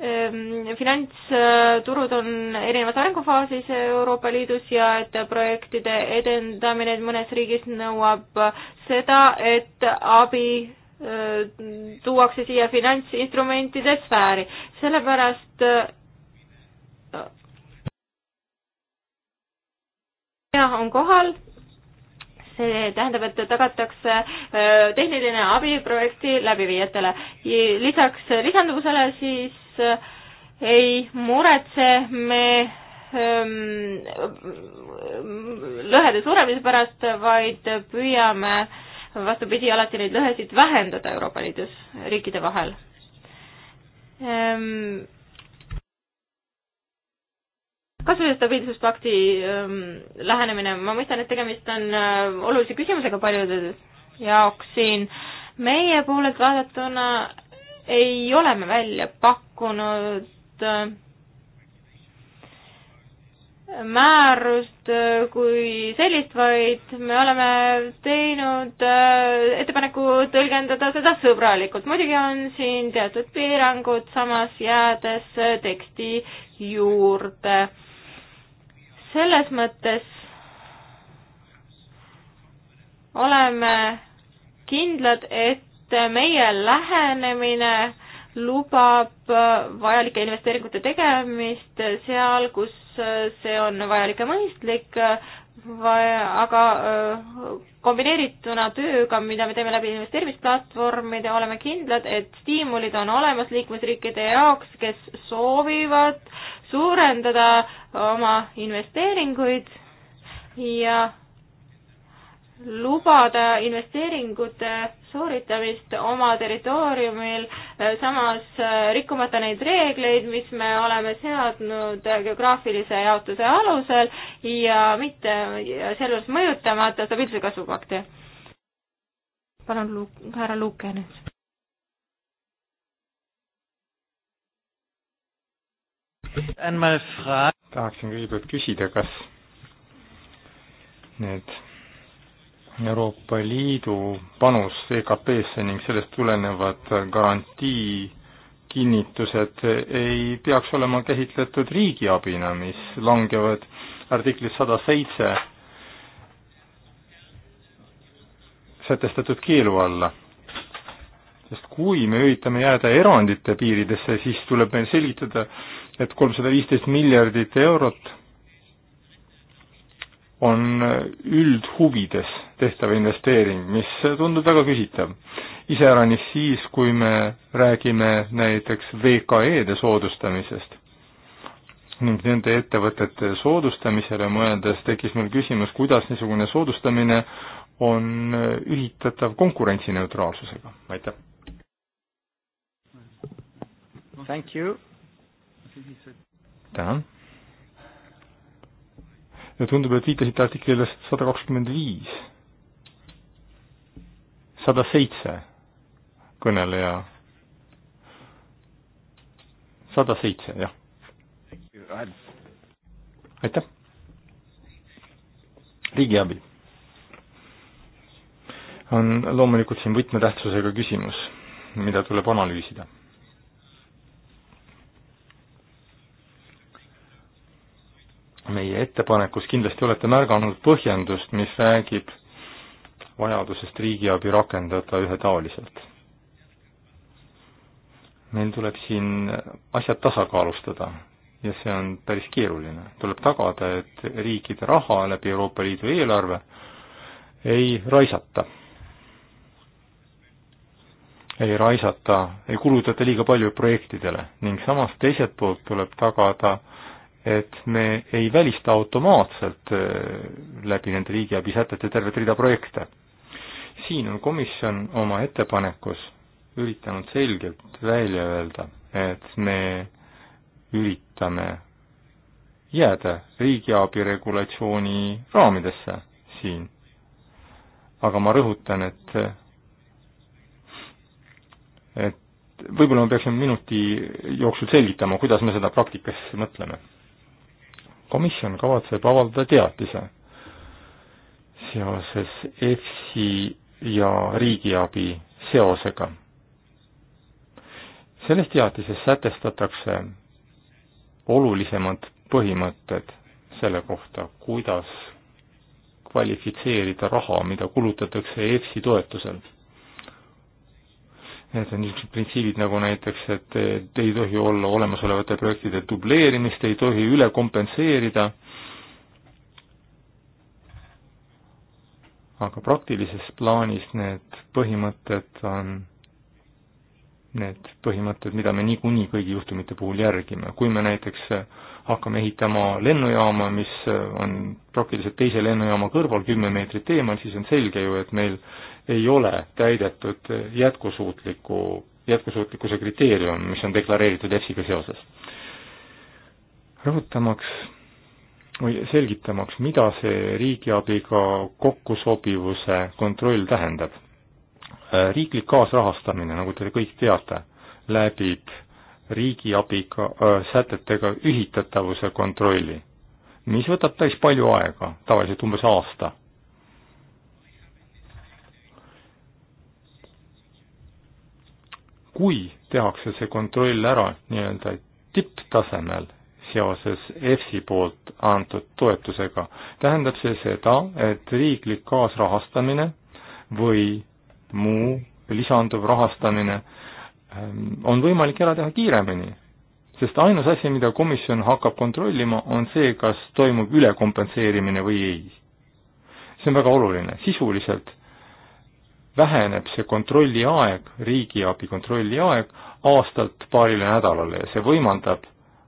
ehm, finantsturud on erinevas arengufaasis Euroopa Liidus ja et projektide edendamine mõnes riigis nõuab seda, et abi Äh, tuuakse siia finantsinstrumentide sfääri, sellepärast ja äh, on kohal, see tähendab, et tagatakse äh, tehniline abi projekti läbiviijatele. lisaks lisanduvusele siis ei muretse me ähm, lõhede suremise pärast, vaid püüame äh, vastupidi, alati neid lõhesid vähendada Euroopa Liidus riikide vahel. Ehm, kas või stabiilsuspakti ehm, lähenemine, ma mõistan, et tegemist on äh, olulise küsimusega paljude jaoks siin. meie poolelt vaadatuna ei ole me välja pakkunud äh, määrust äh, kui sellist, vaid me oleme teinud äh, ettepaneku tõlgendada seda sõbralikult. muidugi on siin teatud piirangud, samas jäädes äh, teksti juurde. selles mõttes oleme kindlad, et meie lähenemine lubab äh, vajalike investeeringute tegemist seal, kus äh, see on vajalik ja mõistlik, äh, aga kombineerituna tööga, mida me teeme läbi investeerimisplatvormide, oleme kindlad, et stiimulid on olemas liikmesriikide jaoks, kes soovivad suurendada oma investeeringuid ja lubada investeeringute sooritamist oma territooriumil, eh, samas eh, rikkumata neid reegleid, mis me oleme seadnud eh, geograafilise jaotuse alusel ja mitte sealjuures mõjutamata stabiilse kasvupakti. palun, Lu-, härra Luuke nüüd. tahaksin kõigepealt küsida, kas need Euroopa Liidu panus EKP-sse ning sellest tulenevad garantii kinnitused ei peaks olema käsitletud riigiabina, mis langevad artiklis sada seitse sätestatud keelu alla. sest kui me üritame jääda erandite piiridesse, siis tuleb meil selgitada, et kolmsada viisteist miljardit eurot on üldhuvides tehtav investeering, mis tundub väga küsitav. iseäranis siis, kui me räägime näiteks VKE-de soodustamisest ning nende ettevõtete soodustamisele mõeldes tekkis meil küsimus, kuidas niisugune soodustamine on ühitatav konkurentsineutraalsusega, aitäh. Thank you. tänan. ja tundub, et viitasite artiklile sada kakskümmend viis sada seitse kõneleja. sada seitse, jah. aitäh. riigiabi on loomulikult siin võtmetähtsusega küsimus, mida tuleb analüüsida. meie ettepanekus kindlasti olete märganud põhjendust, mis räägib vajadusest riigiabi rakendada ühetaoliselt. meil tuleb siin asjad tasakaalustada ja see on päris keeruline. tuleb tagada, et riikide raha läbi Euroopa Liidu eelarve ei raisata. ei raisata, ei kulutata liiga palju projektidele ning samas teiselt poolt tuleb tagada, et me ei välista automaatselt äh, läbi nende riigiabi sätete tervet rida projekte siin on komisjon oma ettepanekus üritanud selgelt välja öelda, et me üritame jääda riigiabi regulatsiooni raamidesse siin. aga ma rõhutan, et, et võib-olla ma peaksin minuti jooksul selgitama, kuidas me seda praktikas mõtleme. komisjon kavatseb avaldada teatise seoses EFSI ja riigiabi seosega. selles teatises sätestatakse olulisemad põhimõtted selle kohta, kuidas kvalifitseerida raha, mida kulutatakse EFSI toetusel. Need on niisugused printsiibid nagu näiteks, et ei tohi olla olemasolevate projektide dubleerimist, ei tohi üle kompenseerida aga praktilises plaanis need põhimõtted on need põhimõtted, mida me niikuinii kõigi juhtumite puhul järgime, kui me näiteks hakkame ehitama lennujaama, mis on praktiliselt teise lennujaama kõrval kümme meetrit eemal, siis on selge ju, et meil ei ole täidetud jätkusuutliku, jätkusuutlikkuse kriteerium, mis on deklareeritud EFSiga seoses. rõhutamaks selgitamaks, mida see riigiabiga kokkusobivuse kontroll tähendab. Äh, riiklik kaasrahastamine, nagu te kõik teate, läbib riigiabiga äh,, sätetega ühitatavuse kontrolli, mis võtab päris palju aega, tavaliselt umbes aasta. kui tehakse see kontroll ära nii-öelda tipptasemel, seoses EFSI poolt antud toetusega, tähendab see seda, et riiklik kaasrahastamine või muu lisanduv rahastamine ähm, on võimalik ära teha kiiremini, sest ainus asi, mida komisjon hakkab kontrollima, on see, kas toimub ülekompenseerimine või ei. see on väga oluline, sisuliselt väheneb see kontrolli aeg, riigiabi kontrolli aeg aastalt paarile nädalale ja see võimaldab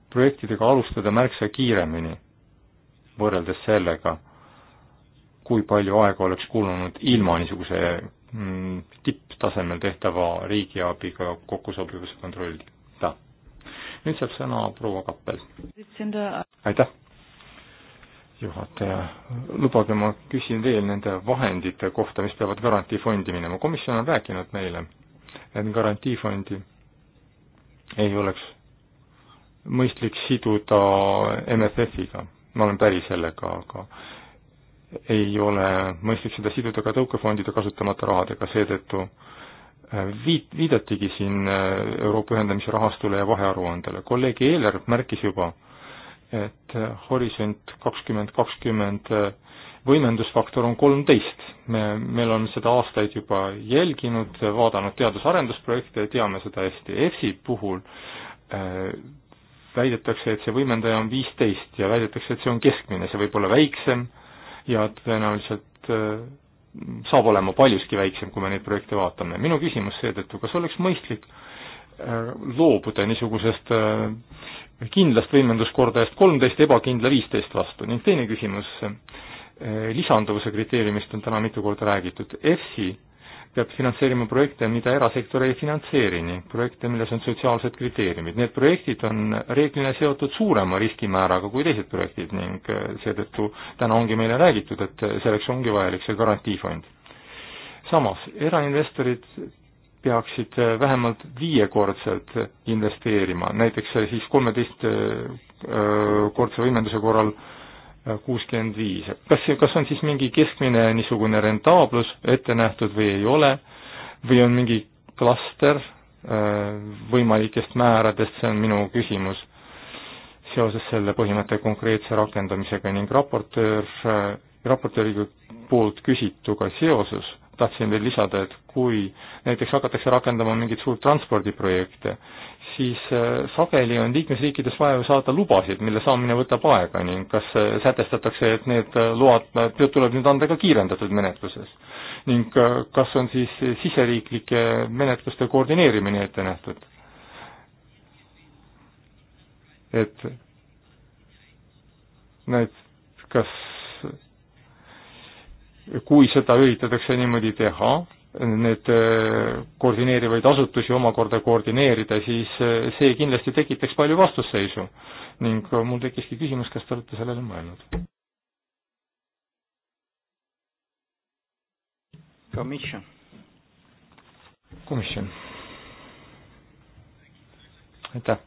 projektidega alustada märksa kiiremini võrreldes sellega, kui palju aega oleks kulunud ilma niisuguse mm, tipptasemel tehtava riigiabiga kokkusobivuse kontrollida. nüüd saab sõna proua Kappel. aitäh! juhataja, lubage, ma küsin veel nende vahendite kohta, mis peavad garantiifondi minema. komisjon on rääkinud meile, et garantiifondi ei oleks mõistlik siduda MFF-iga. ma olen päri sellega, aga ei ole mõistlik seda siduda ka tõukefondide kasutamata rahadega, seetõttu äh, viit-, viidatigi siin äh, Euroopa ühendamise rahastule ja vahearuandele. kolleeg Eeler märkis juba, et äh, Horisont kakskümmend kakskümmend võimendusfaktor on kolmteist. me, meil on seda aastaid juba jälginud, vaadanud teadus-arendusprojekte ja teame seda hästi. EFSI puhul väidetakse, et see võimendaja on viisteist ja väidetakse, et see on keskmine, see võib olla väiksem ja tõenäoliselt äh, saab olema paljuski väiksem, kui me neid projekte vaatame. minu küsimus seetõttu, kas oleks mõistlik äh, loobuda niisugusest äh, kindlast võimenduskordajast kolmteist, ebakindla viisteist vastu ning teine küsimus, lisanduvuse kriteeriumist on täna mitu korda räägitud, EFSI peab finantseerima projekte, mida erasektor ei finantseeri ning projekte, milles on sotsiaalsed kriteeriumid. Need projektid on reeglina seotud suurema riskimääraga kui teised projektid ning äh, seetõttu täna ongi meile räägitud, et selleks ongi vajalik see garantiifond. samas, erainvestorid peaksid äh, vähemalt viiekordselt investeerima, näiteks äh, siis kolmeteistkordse võimenduse korral äh, kuuskümmend viis, kas, kas on siis mingi keskmine niisugune rentaablus ette nähtud või ei ole, või on mingi klaster äh, võimalikest määradest, see on minu küsimus seoses selle põhimõtte konkreetse rakendamisega ning raportöör, äh, raportööri poolt küsituga seoses tahtsin veel lisada, et kui näiteks hakatakse rakendama mingit suurt transpordiprojekte siis äh, sageli on liikmesriikides vaja ju saada lubasid, mille saamine võtab aega ning kas äh, sätestatakse, et need äh, load tuleb nüüd anda ka kiirendatud menetluses? ning kas on siis siseriiklike menetluste koordineerimine ette nähtud? et näed, kas, kui seda üritatakse niimoodi teha, need äh, koordineerivaid asutusi omakorda koordineerida, siis äh, see kindlasti tekitaks palju vastusseisu. ning äh, mul tekkiski küsimus, kas te olete sellele mõelnud? komisjon. komisjon. aitäh.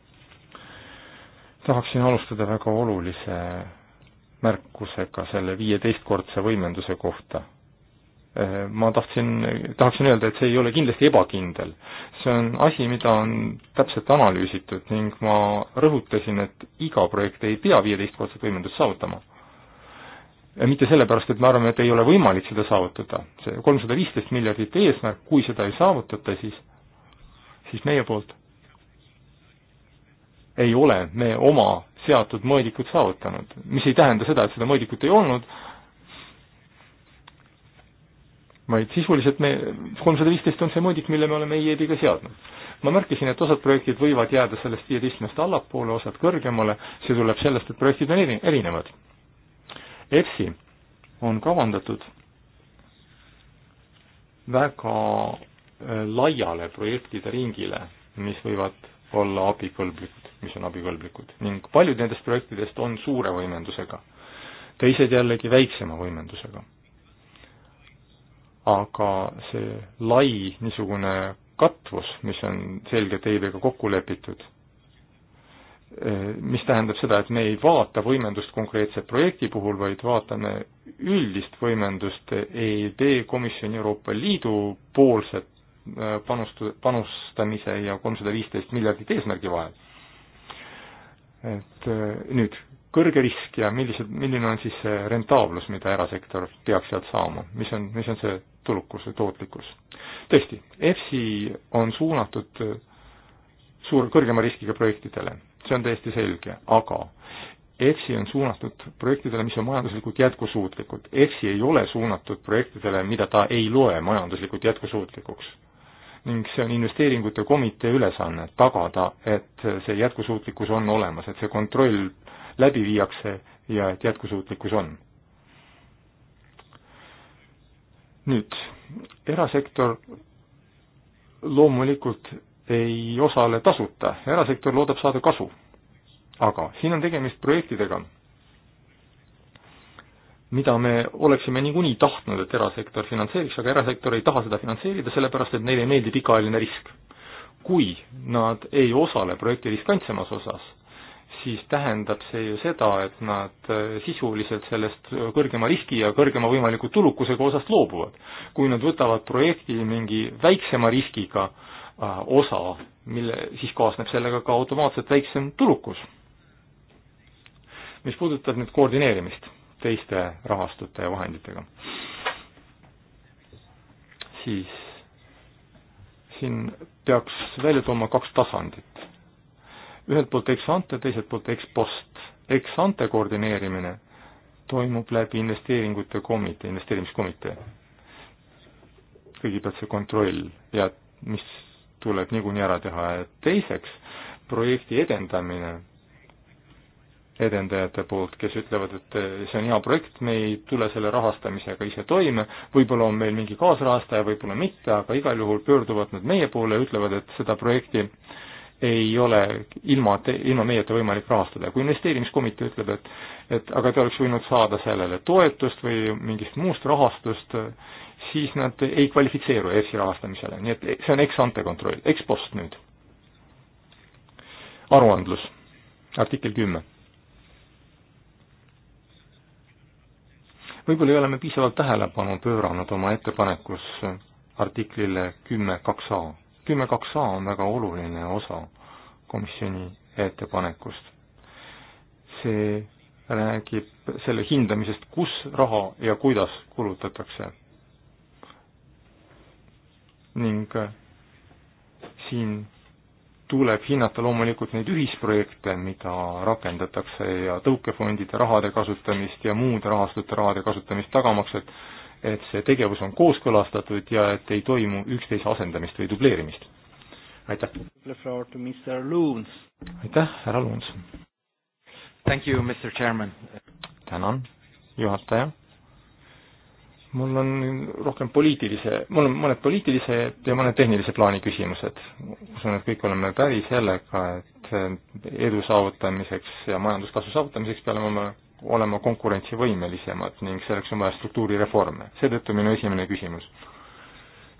tahaksin alustada väga olulise märkusega selle viieteistkordse võimenduse kohta Äh, ma tahtsin, tahaksin öelda, et see ei ole kindlasti ebakindel. see on asi, mida on täpselt analüüsitud ning ma rõhutasin, et iga projekt ei pea viieteistkordset võimendust saavutama. Äh, mitte sellepärast, et me arvame, et ei ole võimalik seda saavutada, see kolmsada viisteist miljardit eesmärk, kui seda ei saavutata, siis, siis meie poolt ei ole me oma seatud mõõdikut saavutanud, mis ei tähenda seda, et seda mõõdikut ei olnud, vaid sisuliselt me, kolmsada viisteist on see mõõdik, mille me oleme e IEB-ga seadnud. ma märkisin, et osad projektid võivad jääda sellest viieteistkümnest e allapoole, osad kõrgemale, see tuleb sellest, et projektid on eri, erinevad. EFSI on kavandatud väga äh, laiale projektide ringile, mis võivad olla abikõlblikud, mis on abikõlblikud ning paljud nendest projektidest on suure võimendusega, teised jällegi väiksema võimendusega aga see lai niisugune katvus, mis on selgelt EIB-ga kokku lepitud, eh, mis tähendab seda, et me ei vaata võimendust konkreetse projekti puhul, vaid vaatame üldist võimendust EIB e komisjoni Euroopa Liidu poolset eh, panust, panustamise ja kolmsada viisteist miljardit eesmärgi vahel. et eh, nüüd kõrge risk ja millised, milline on siis see rentaablus, mida erasektor peaks sealt saama, mis on, mis on see tulukus või tootlikkus? tõesti, EFSI on suunatud suur, kõrgema riskiga projektidele, see on täiesti selge, aga EFSI on suunatud projektidele, mis on majanduslikult jätkusuutlikud. EFSI ei ole suunatud projektidele, mida ta ei loe majanduslikult jätkusuutlikuks. ning see on investeeringute komitee ülesanne, tagada, et see jätkusuutlikkus on olemas, et see kontroll äh, läbi viiakse ja et jätkusuutlikkus on. nüüd, erasektor loomulikult ei osale tasuta, erasektor loodab saada kasu. aga siin on tegemist projektidega, mida me oleksime niikuinii tahtnud, et erasektor finantseeriks, aga erasektor ei taha seda finantseerida, sellepärast et neile ei meeldi pikaajaline risk. kui nad ei osale projekti riskantsemas osas, siis tähendab see ju seda, et nad sisuliselt sellest kõrgema riski ja kõrgema võimaliku tulukusega osast loobuvad. kui nad võtavad projekti mingi väiksema riskiga äh, osa, mille, siis kaasneb sellega ka automaatselt väiksem tulukus. mis puudutab nüüd koordineerimist teiste rahastute ja vahenditega, siis siin peaks välja tooma kaks tasandit ühelt poolt ex ante, teiselt poolt ex post. ex ante koordineerimine toimub läbi investeeringute komitee, investeerimiskomitee. kõigepealt see kontroll ja mis tuleb niikuinii ära teha ja teiseks projekti edendamine edendajate poolt, kes ütlevad, et see on hea projekt, me ei tule selle rahastamisega ise toime, võib-olla on meil mingi kaasrahastaja, võib-olla mitte, aga igal juhul pöörduvad nad meie poole ja ütlevad, et seda projekti äh, ei ole ilma, ilma meieta võimalik rahastada. kui investeerimiskomitee ütleb, et, et aga te oleks võinud saada sellele toetust või mingist muust rahastust, siis nad ei kvalifitseeru EFSI rahastamisele, nii et see on ex-ante kontroll, ex-post nüüd. aruandlus, artikkel kümme. võib-olla ei ole me piisavalt tähelepanu pööranud oma ettepanekus artiklile kümme kaks A kümme kaks A on väga oluline osa komisjoni ettepanekust. see räägib selle hindamisest, kus raha ja kuidas kulutatakse. ning äh, siin tuleb hinnata loomulikult neid ühisprojekte, mida rakendatakse ja tõukefondide rahade kasutamist ja muude rahastute rahade kasutamist, tagamaks, et et see tegevus on kooskõlastatud ja et ei toimu üksteise asendamist või dubleerimist. aitäh! aitäh, härra Luuns! tänan, juhataja! mul on rohkem poliitilise, mul on mõned poliitilise ja mõned tehnilise plaani küsimused. usun, et kõik oleme päri sellega, et edu saavutamiseks ja majanduskasvu saavutamiseks peame olema olema konkurentsivõimelisemad ning selleks on vaja struktuurireforme. seetõttu minu esimene küsimus.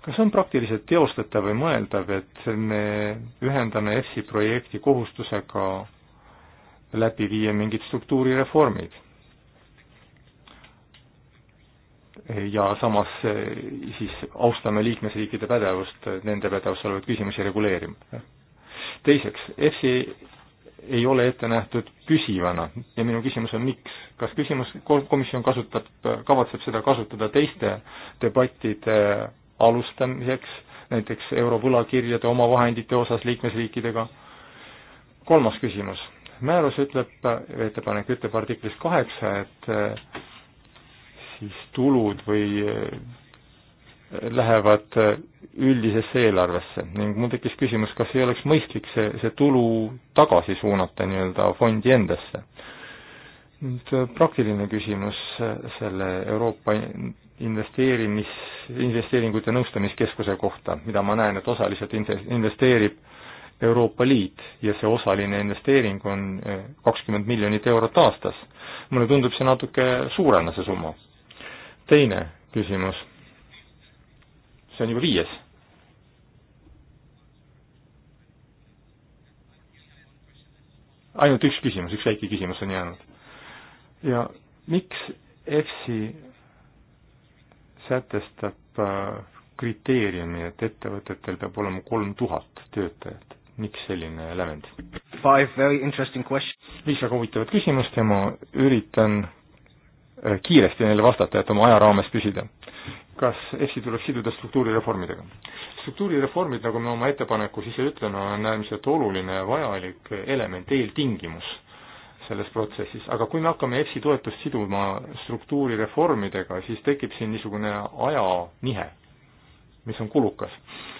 kas on praktiliselt teostatav või mõeldav, et me ühendame EFSI projekti kohustusega läbi viia mingid struktuurireformid? ja samas eh, siis austame liikmesriikide pädevust nende pädevusse olevaid küsimusi reguleerima. teiseks, EFSI ei ole ette nähtud püsivana ja minu küsimus on, miks? kas küsimus, komisjon kasutab, kavatseb seda kasutada teiste debattide alustamiseks, näiteks eurovõlakirjade omavahendite osas liikmesriikidega? kolmas küsimus, määrus ütleb, ettepanek ütleb artiklis kaheksa, et eh, siis tulud või eh, lähevad eh, üldisesse eelarvesse ning mul tekkis küsimus, kas ei oleks mõistlik see, see tulu tagasi suunata nii-öelda fondi endasse. nüüd äh, praktiline küsimus äh, selle Euroopa investeerimis, investeeringute nõustamiskeskuse kohta, mida ma näen, et osaliselt investeerib Euroopa Liit ja see osaline investeering on äh, kakskümmend miljonit eurot aastas. mulle tundub see natuke suurena, see summa. teine küsimus, see on juba viies ainult üks küsimus, üks väike küsimus on jäänud. ja miks EFSI sätestab äh, kriteeriumi, et ettevõtetel peab olema kolm tuhat töötajat, miks selline lävend? viis väga huvitavat küsimust ja ma üritan äh, kiiresti neile vastata, et oma aja raames püsida kas EFSI tuleks siduda struktuurireformidega. struktuurireformid, nagu ma oma ettepanekus ise ütlen, on äärmiselt oluline ja vajalik element, eeltingimus selles protsessis, aga kui me hakkame EFSI toetust siduma struktuurireformidega, siis tekib siin niisugune ajanihe, mis on kulukas.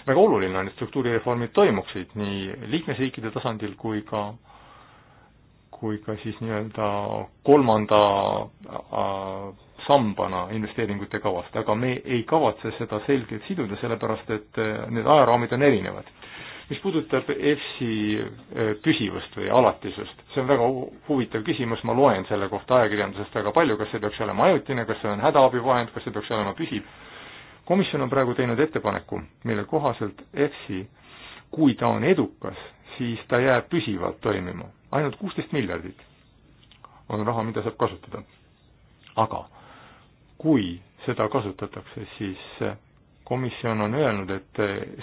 väga oluline on, et struktuurireformid toimuksid nii liikmesriikide tasandil kui ka äh, kui ka siis nii-öelda kolmanda äh, sambana investeeringute kavast, aga me ei kavatse seda selgelt siduda, sellepärast et äh, need ajaraamid on erinevad. mis puudutab EFSI äh, püsivust või alatisust, see on väga huvitav küsimus, ma loen selle kohta ajakirjandusest väga palju, kas see peaks olema ajutine, kas see on hädaabivahend, kas see peaks olema püsiv. komisjon on praegu teinud ettepaneku, mille kohaselt EFSI, kui ta on edukas, siis ta jääb püsivalt toimima ainult kuusteist miljardit on raha, mida saab kasutada. aga kui seda kasutatakse, siis komisjon on öelnud, et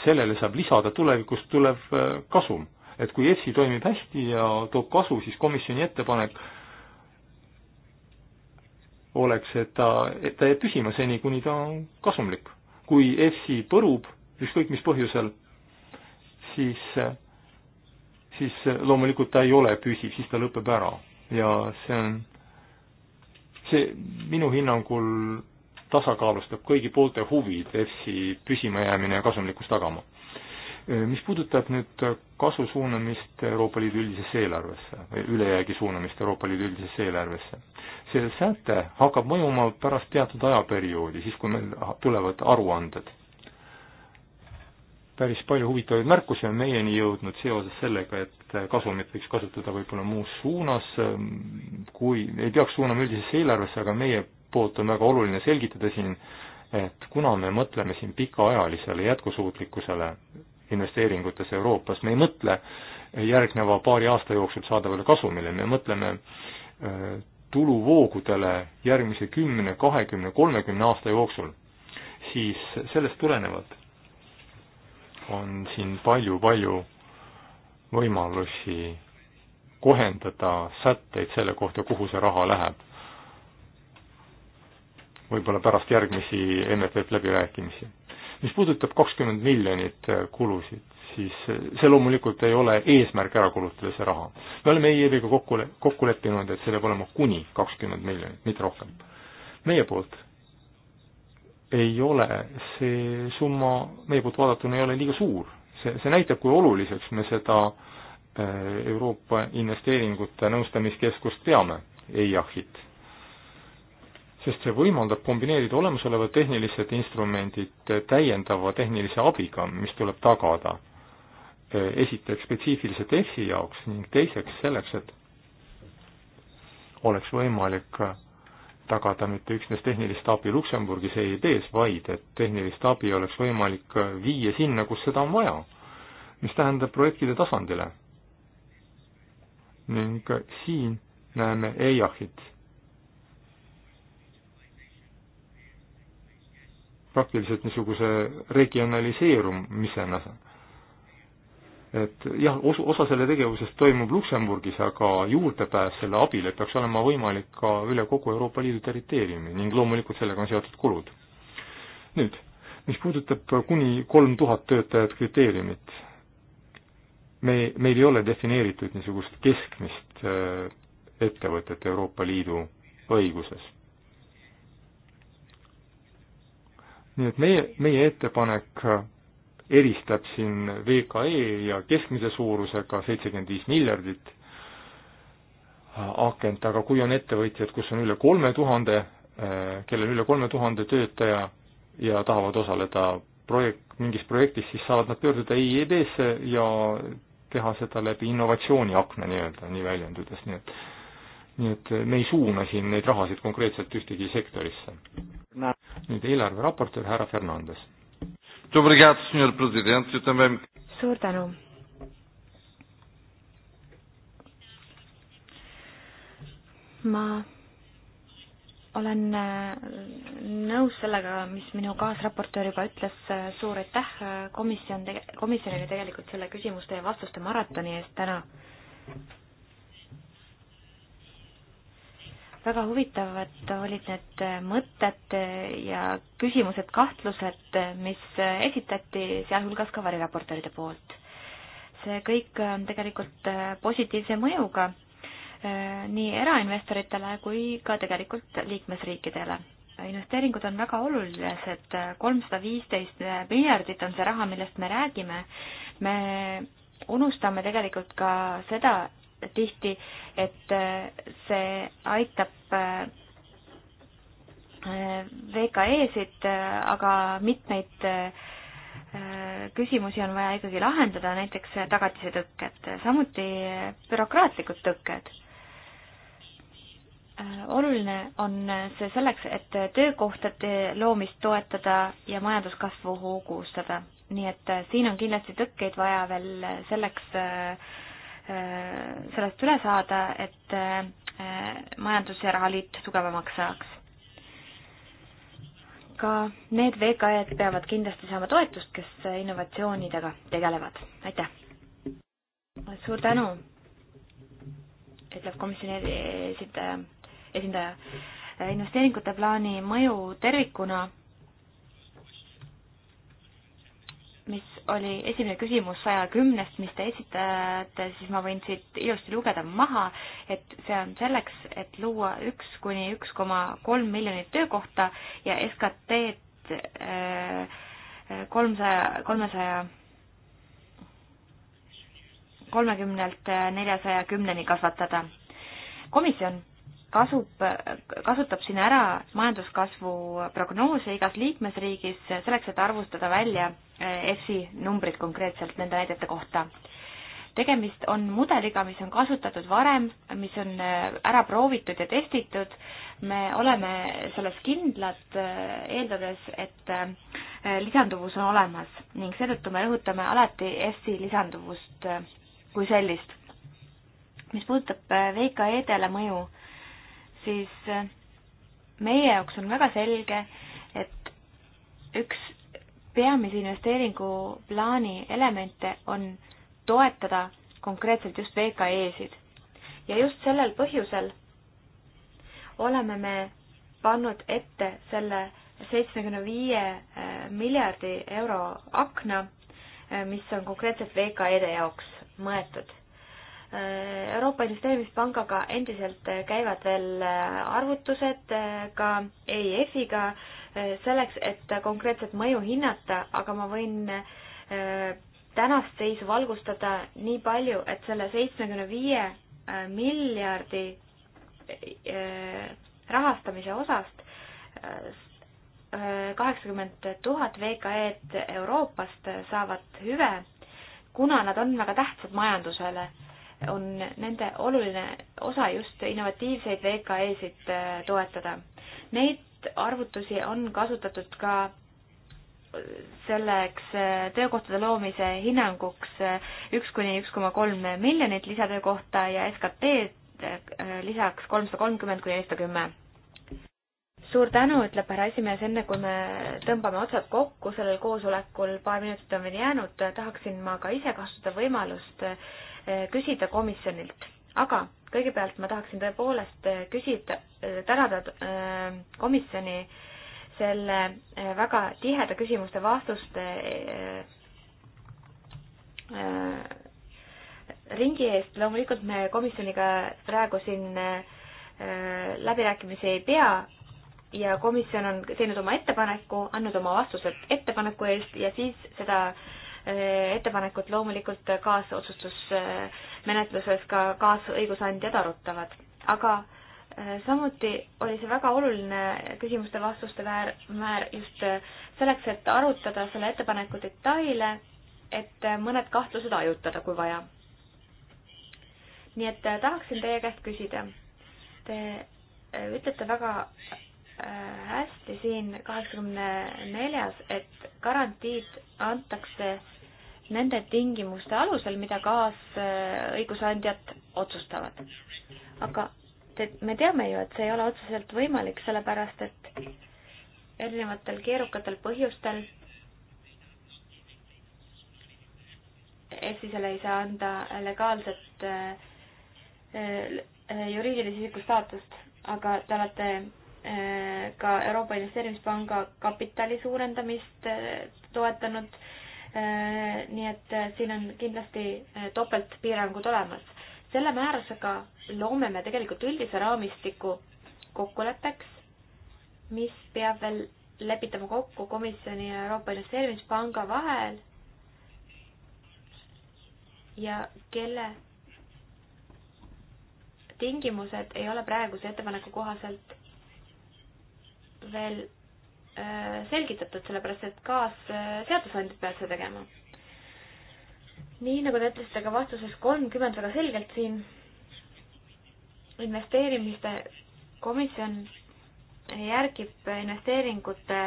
sellele saab lisada tulevikus tulev äh, kasum. et kui EFSI toimib hästi ja toob kasu, siis komisjoni ettepanek oleks, et ta, et ta jääb püsima seni, kuni ta on kasumlik. kui EFSI põrub, ükskõik mis põhjusel, siis äh, siis loomulikult ta ei ole püsiv, siis ta lõpeb ära. ja see on, see minu hinnangul tasakaalustab kõigi poolte huvid EFSi püsimajäämine ja kasumlikkus tagama. mis puudutab nüüd kasu suunamist Euroopa Liidu üldisesse eelarvesse, ülejäägi suunamist Euroopa Liidu üldisesse eelarvesse, see säte hakkab mõjuma pärast teatud ajaperioodi, siis kui meil tulevad aruanded päris palju huvitavaid märkusi on meieni jõudnud seoses sellega, et kasumit võiks kasutada võib-olla muus suunas, ähm, kui ei peaks suunama üldisesse eelarvesse, aga meie poolt on väga oluline selgitada siin, et kuna me mõtleme siin pikaajalisele jätkusuutlikkusele investeeringutes Euroopas, me ei mõtle järgneva paari aasta jooksul saadavale kasumile, me mõtleme äh, tuluvoogudele järgmise kümne, kahekümne, kolmekümne aasta jooksul, siis sellest tulenevalt on siin palju-palju võimalusi kohendada sätteid selle kohta, kuhu see raha läheb. võib-olla pärast järgmisi MFF läbirääkimisi. mis puudutab kakskümmend miljonit kulusid, siis see loomulikult ei ole eesmärk ära kulutada see raha. me oleme EIB-ga kokku, kokku leppinud, et see peab olema kuni kakskümmend miljonit, mitte rohkem. meie poolt ei ole see summa meie poolt vaadatuna ei ole liiga suur. see, see näitab, kui oluliseks me seda äh, Euroopa Investeeringute Nõustamiskeskust peame, EIAH-it. sest see võimaldab kombineerida olemasolevad tehnilised instrumendid täiendava tehnilise abiga, mis tuleb tagada äh, esiteks spetsiifiliselt EFSi jaoks ning teiseks selleks, et oleks võimalik äh, tagada mitte üksnes tehnilist abi Luksemburgis EIB-s, vaid et tehnilist abi oleks võimalik viia sinna, kus seda on vaja, mis tähendab projektide tasandile. ning siin näeme EIAH-it. praktiliselt niisuguse regionaliseerumisena et jah, osu, osa selle tegevusest toimub Luksemburgis, aga juurdepääs selle abile peaks olema võimalik ka üle kogu Euroopa Liidu territeeriumi ning loomulikult sellega on seotud kulud. nüüd, mis puudutab kuni kolm tuhat töötajat kriteeriumit, me, meil ei ole defineeritud niisugust keskmist äh, ettevõtet Euroopa Liidu õiguses. nii et meie, meie ettepanek eristab siin VKE ja keskmise suurusega seitsekümmend viis miljardit akent, aga kui on ettevõtjad, kus on üle kolme tuhande, eh, kellel üle kolme tuhande töötaja ja tahavad osaleda projekt, mingis projektis, siis saavad nad pöörduda EIB-sse ja teha seda läbi innovatsiooniakna nii-öelda, nii väljendudes, nii et nii et me ei suuna siin neid rahasid konkreetselt ühtegi sektorisse no.. nüüd eelarveraportöör härra Fernandes Muito obrigado, Sr. Presidente. Eu também me... Suur tänu. ma olen äh, nõus sellega, mis minu kaasraportöör juba ütles, suur aitäh äh, komisjon, komisjonile tegelikult selle küsimuste ja vastuste maratoni eest täna. väga huvitavad olid need mõtted ja küsimused, kahtlused, mis esitati, sealhulgas ka variraportööride poolt. see kõik on tegelikult positiivse mõjuga eh, nii erainvestoritele kui ka tegelikult liikmesriikidele. investeeringud on väga olulised, kolmsada viisteist miljardit on see raha, millest me räägime. me unustame tegelikult ka seda, tihti, et äh, see aitab äh, VKE-sid, äh, aga mitmeid küsimusi on vaja ikkagi lahendada, näiteks tagatise tõkked, samuti bürokraatlikud tõkked oluline on see selleks, et töökohtade loomist toetada ja majanduskasvu hoogustada. nii et siin on kindlasti tõkkeid vaja veel selleks Äh, sellest üle saada, et äh, majandus- ja rahaliit tugevamaks saaks. ka need VKE-d peavad kindlasti saama toetust, kes innovatsioonidega tegelevad. aitäh! suur tänu, ütleb komisjoni esindaja. esindaja äh, investeeringute plaani mõju tervikuna mis oli esimene küsimus saja kümnest, mis te esitate, siis ma võin siit ilusti lugeda maha, et see on selleks, et luua üks kuni üks koma kolm miljonit töökohta ja SKT-d äh, kolmsaja, kolmesaja kolmekümnelt äh, neljasaja kümneni kasvatada. komisjon kasub, kasutab siin ära majanduskasvu prognoose igas liikmesriigis selleks, et arvutada välja eh, EFSI numbrid konkreetselt nende näidete kohta. tegemist on mudeliga, mis on kasutatud varem, mis on eh, ära proovitud ja testitud, me oleme selles kindlad, eh, eeldades, et lisanduvus on olemas ning seetõttu me rõhutame alati EFSI lisanduvust kui sellist. mis puudutab VKE-dele mõju, siis äh, meie jaoks on väga selge, et üks peamisi investeeringuplaani elemente on toetada konkreetselt just VKE-sid. ja just sellel põhjusel oleme me pannud ette selle seitsmekümne viie äh, miljardi euro akna, äh, mis on konkreetselt VKE-de jaoks mõeldud. Äh, Euroopa Investeerimispangaga endiselt äh, käivad veel äh, arvutused ka EIF-iga selleks, et konkreetset mõju hinnata, aga ma võin tänast seisu valgustada nii palju, et selle seitsmekümne viie miljardi rahastamise osast kaheksakümmend tuhat VKE-d Euroopast saavad hüve, kuna nad on väga tähtsad majandusele on nende oluline osa just innovatiivseid VKE-sid äh, toetada. Neid arvutusi on kasutatud ka äh, selleks äh, töökohtade loomise hinnanguks üks kuni üks koma kolm miljonit lisatöökohta ja SKT-d lisaks kolmsada kolmkümmend kuni nelisada kümme suur tänu, ütleb härra esimees, enne kui me tõmbame otsad kokku sellel koosolekul, paar minutit on veel jäänud, tahaksin ma ka ise kasutada võimalust eh, küsida komisjonilt, aga kõigepealt ma tahaksin tõepoolest eh, küsida, eh, tänada komisjoni selle väga tiheda küsimuste-vastuste ringi eest, loomulikult me komisjoniga praegu siin läbirääkimisi ei pea, ja komisjon on teinud oma ettepaneku, andnud oma vastused ettepaneku eest ja siis seda eh, ettepanekut loomulikult kaasotsustusmenetluses ka kaasõigusandjad arutavad. aga eh, samuti oli see väga oluline küsimuste-vastuste väär, määr just eh, selleks, et arutada selle ettepaneku detaile, et mõned kahtlused hajutada, kui vaja. nii et tahaksin teie käest küsida. Te ütlete väga Äh, hästi siin kaheksakümne neljas, et garantiid antakse nende tingimuste alusel, mida kaasõigusandjad otsustavad. aga te, me teame ju, et see ei ole otseselt võimalik, sellepärast et erinevatel keerukatel põhjustel Eestisele ei saa anda legaalset äh, äh, juriidilise isiku staatust, aga te olete Äh, ka Euroopa Investeerimispanga kapitali suurendamist äh, toetanud. Äh, nii et siin on kindlasti topeltpiirangud olemas. selle määrusega loome me tegelikult üldise raamistiku kokkuleppeks, mis peab veel lepitama kokku komisjoni ja Euroopa Investeerimispanga vahel ja kelle tingimused ei ole praeguse ettepaneku kohaselt veel äh, selgitatud, sellepärast et kaasseadusandjad äh, peavad seda tegema. nii nagu te ütlesite ka vastuses kolmkümmend väga selgelt siin, investeerimiste komisjon järgib investeeringute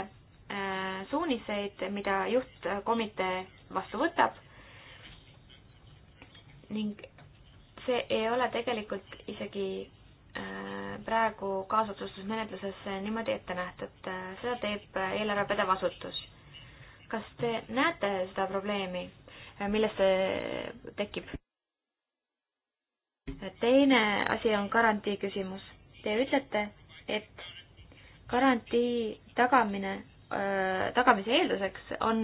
äh, suuniseid, mida juhtkomitee vastu võtab ning see ei ole tegelikult isegi Äh, praegu kaasotsustusmenetlusesse niimoodi ette nähtud, äh, seda teeb eelarvepärdev asutus. kas te näete seda probleemi, äh, millest see tekib? teine asi on garantii küsimus. Te ütlete, et garantii tagamine, tagamise eelduseks on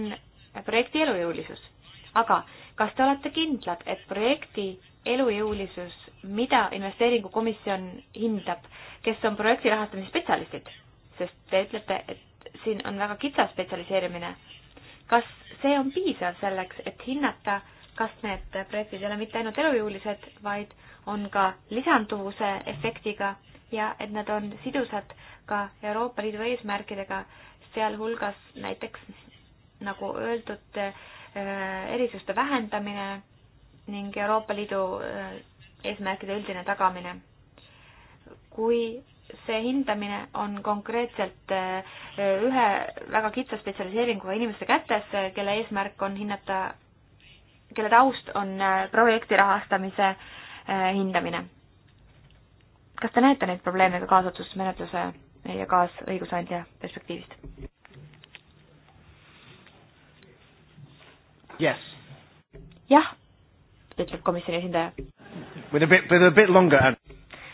projekti elujõulisus. aga kas te olete kindlad, et projekti elujõulisus mida investeeringukomisjon hindab, kes on projekti rahastamise spetsialistid, sest te ütlete, et siin on väga kitsas spetsialiseerimine. kas see on piisav selleks, et hinnata, kas need projektid ei ole mitte ainult elujõulised, vaid on ka lisanduvuse efektiga ja et nad on sidusad ka Euroopa Liidu eesmärkidega, sealhulgas näiteks nagu öeldud, eh, erisuste vähendamine ning Euroopa Liidu eh, eesmärkide üldine tagamine. kui see hindamine on konkreetselt eh, ühe väga kitsa spetsialiseeringuga inimeste kätes, kelle eesmärk on hinnata, kelle taust on eh, projekti rahastamise eh, hindamine. kas te näete neid probleeme ka kaasotsustusmenetluse ja kaasõigusandja perspektiivist? Yes. jah, ütleb komisjoni esindaja With a bit, with a bit longer.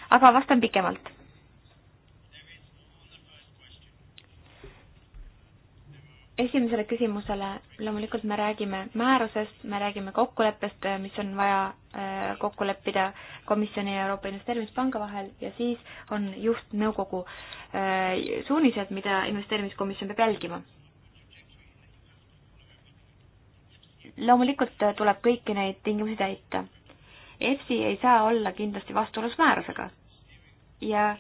aga vastan pikemalt. esimesele küsimusele loomulikult me räägime määrusest, me räägime kokkuleppest, mis on vaja äh, kokku leppida komisjoni ja Euroopa Investeerimispanga vahel ja siis on just nõukogu äh, suunised, mida investeerimiskomisjon peab jälgima. loomulikult tuleb kõiki neid tingimusi täita EFSI ei saa olla kindlasti vastuolus määrusega ja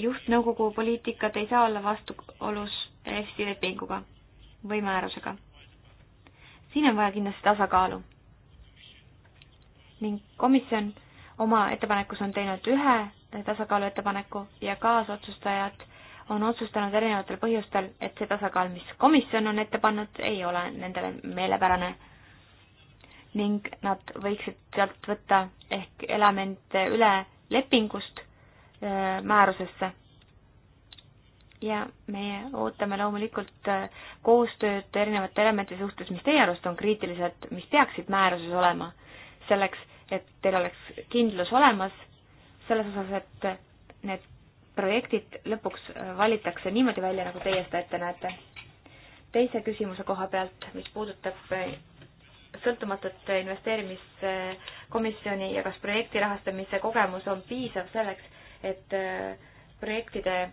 juhtnõukogu poliitikad ei saa olla vastuolus EFSI lepinguga või määrusega. siin on vaja kindlasti tasakaalu. ning komisjon oma ettepanekus on teinud ühe tasakaalu ettepaneku ja kaasotsustajad on otsustanud erinevatel põhjustel, et see tasakaal, mis komisjon on ette pannud, ei ole nendele meelepärane ning nad võiksid sealt võtta ehk elemente üle lepingust äh, määrusesse. ja meie ootame loomulikult äh, koostööd erinevate elementide suhtes, mis teie arust on kriitilised, mis peaksid määruses olema, selleks, et teil oleks kindlus olemas selles osas, et need projektid lõpuks äh, valitakse niimoodi välja, nagu teie seda ette näete. teise küsimuse koha pealt, mis puudutab mingisugust sõltumatut investeerimiskomisjoni ja kas projekti rahastamise kogemus on piisav selleks, et äh, projektide äh,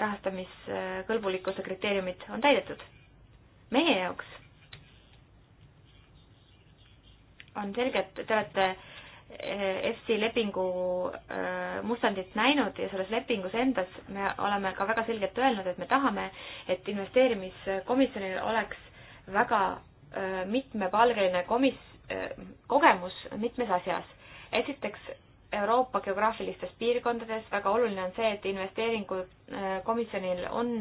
rahastamiskõlbulikkuse kriteeriumid on täidetud. meie jaoks on selge, et te olete EFSI äh, lepingu mustandit näinud ja selles lepingus endas me oleme ka väga selgelt öelnud, et me tahame, et investeerimiskomisjonil oleks väga Äh, mitmepalgeline komis-, äh, kogemus mitmes asjas. esiteks, Euroopa geograafilistes piirkondades, väga oluline on see, et investeeringukomisjonil äh, on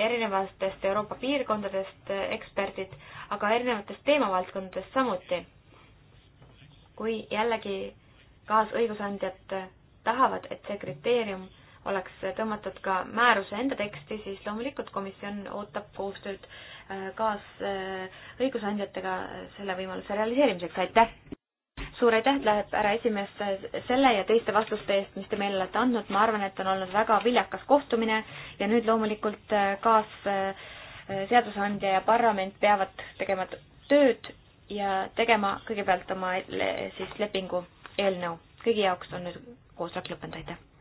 erinevatest Euroopa piirkondadest eksperdid, aga erinevatest teemavaldkondadest samuti. kui jällegi kaasõigusandjad tahavad, et see kriteerium oleks tõmmatud ka määruse enda teksti, siis loomulikult komisjon ootab koostööd Äh, kaasõigusandjatega äh, selle võimaluse realiseerimiseks, aitäh! suur aitäh, läheb härra esimees äh, selle ja teiste vastuste eest, mis te meile olete andnud, ma arvan, et on olnud väga viljakas kohtumine ja nüüd loomulikult kaas seadusandja ja parlament peavad tegema tööd ja tegema kõigepealt oma le siis lepingu eelnõu. kõigi jaoks on nüüd koosolek lõppenud, aitäh!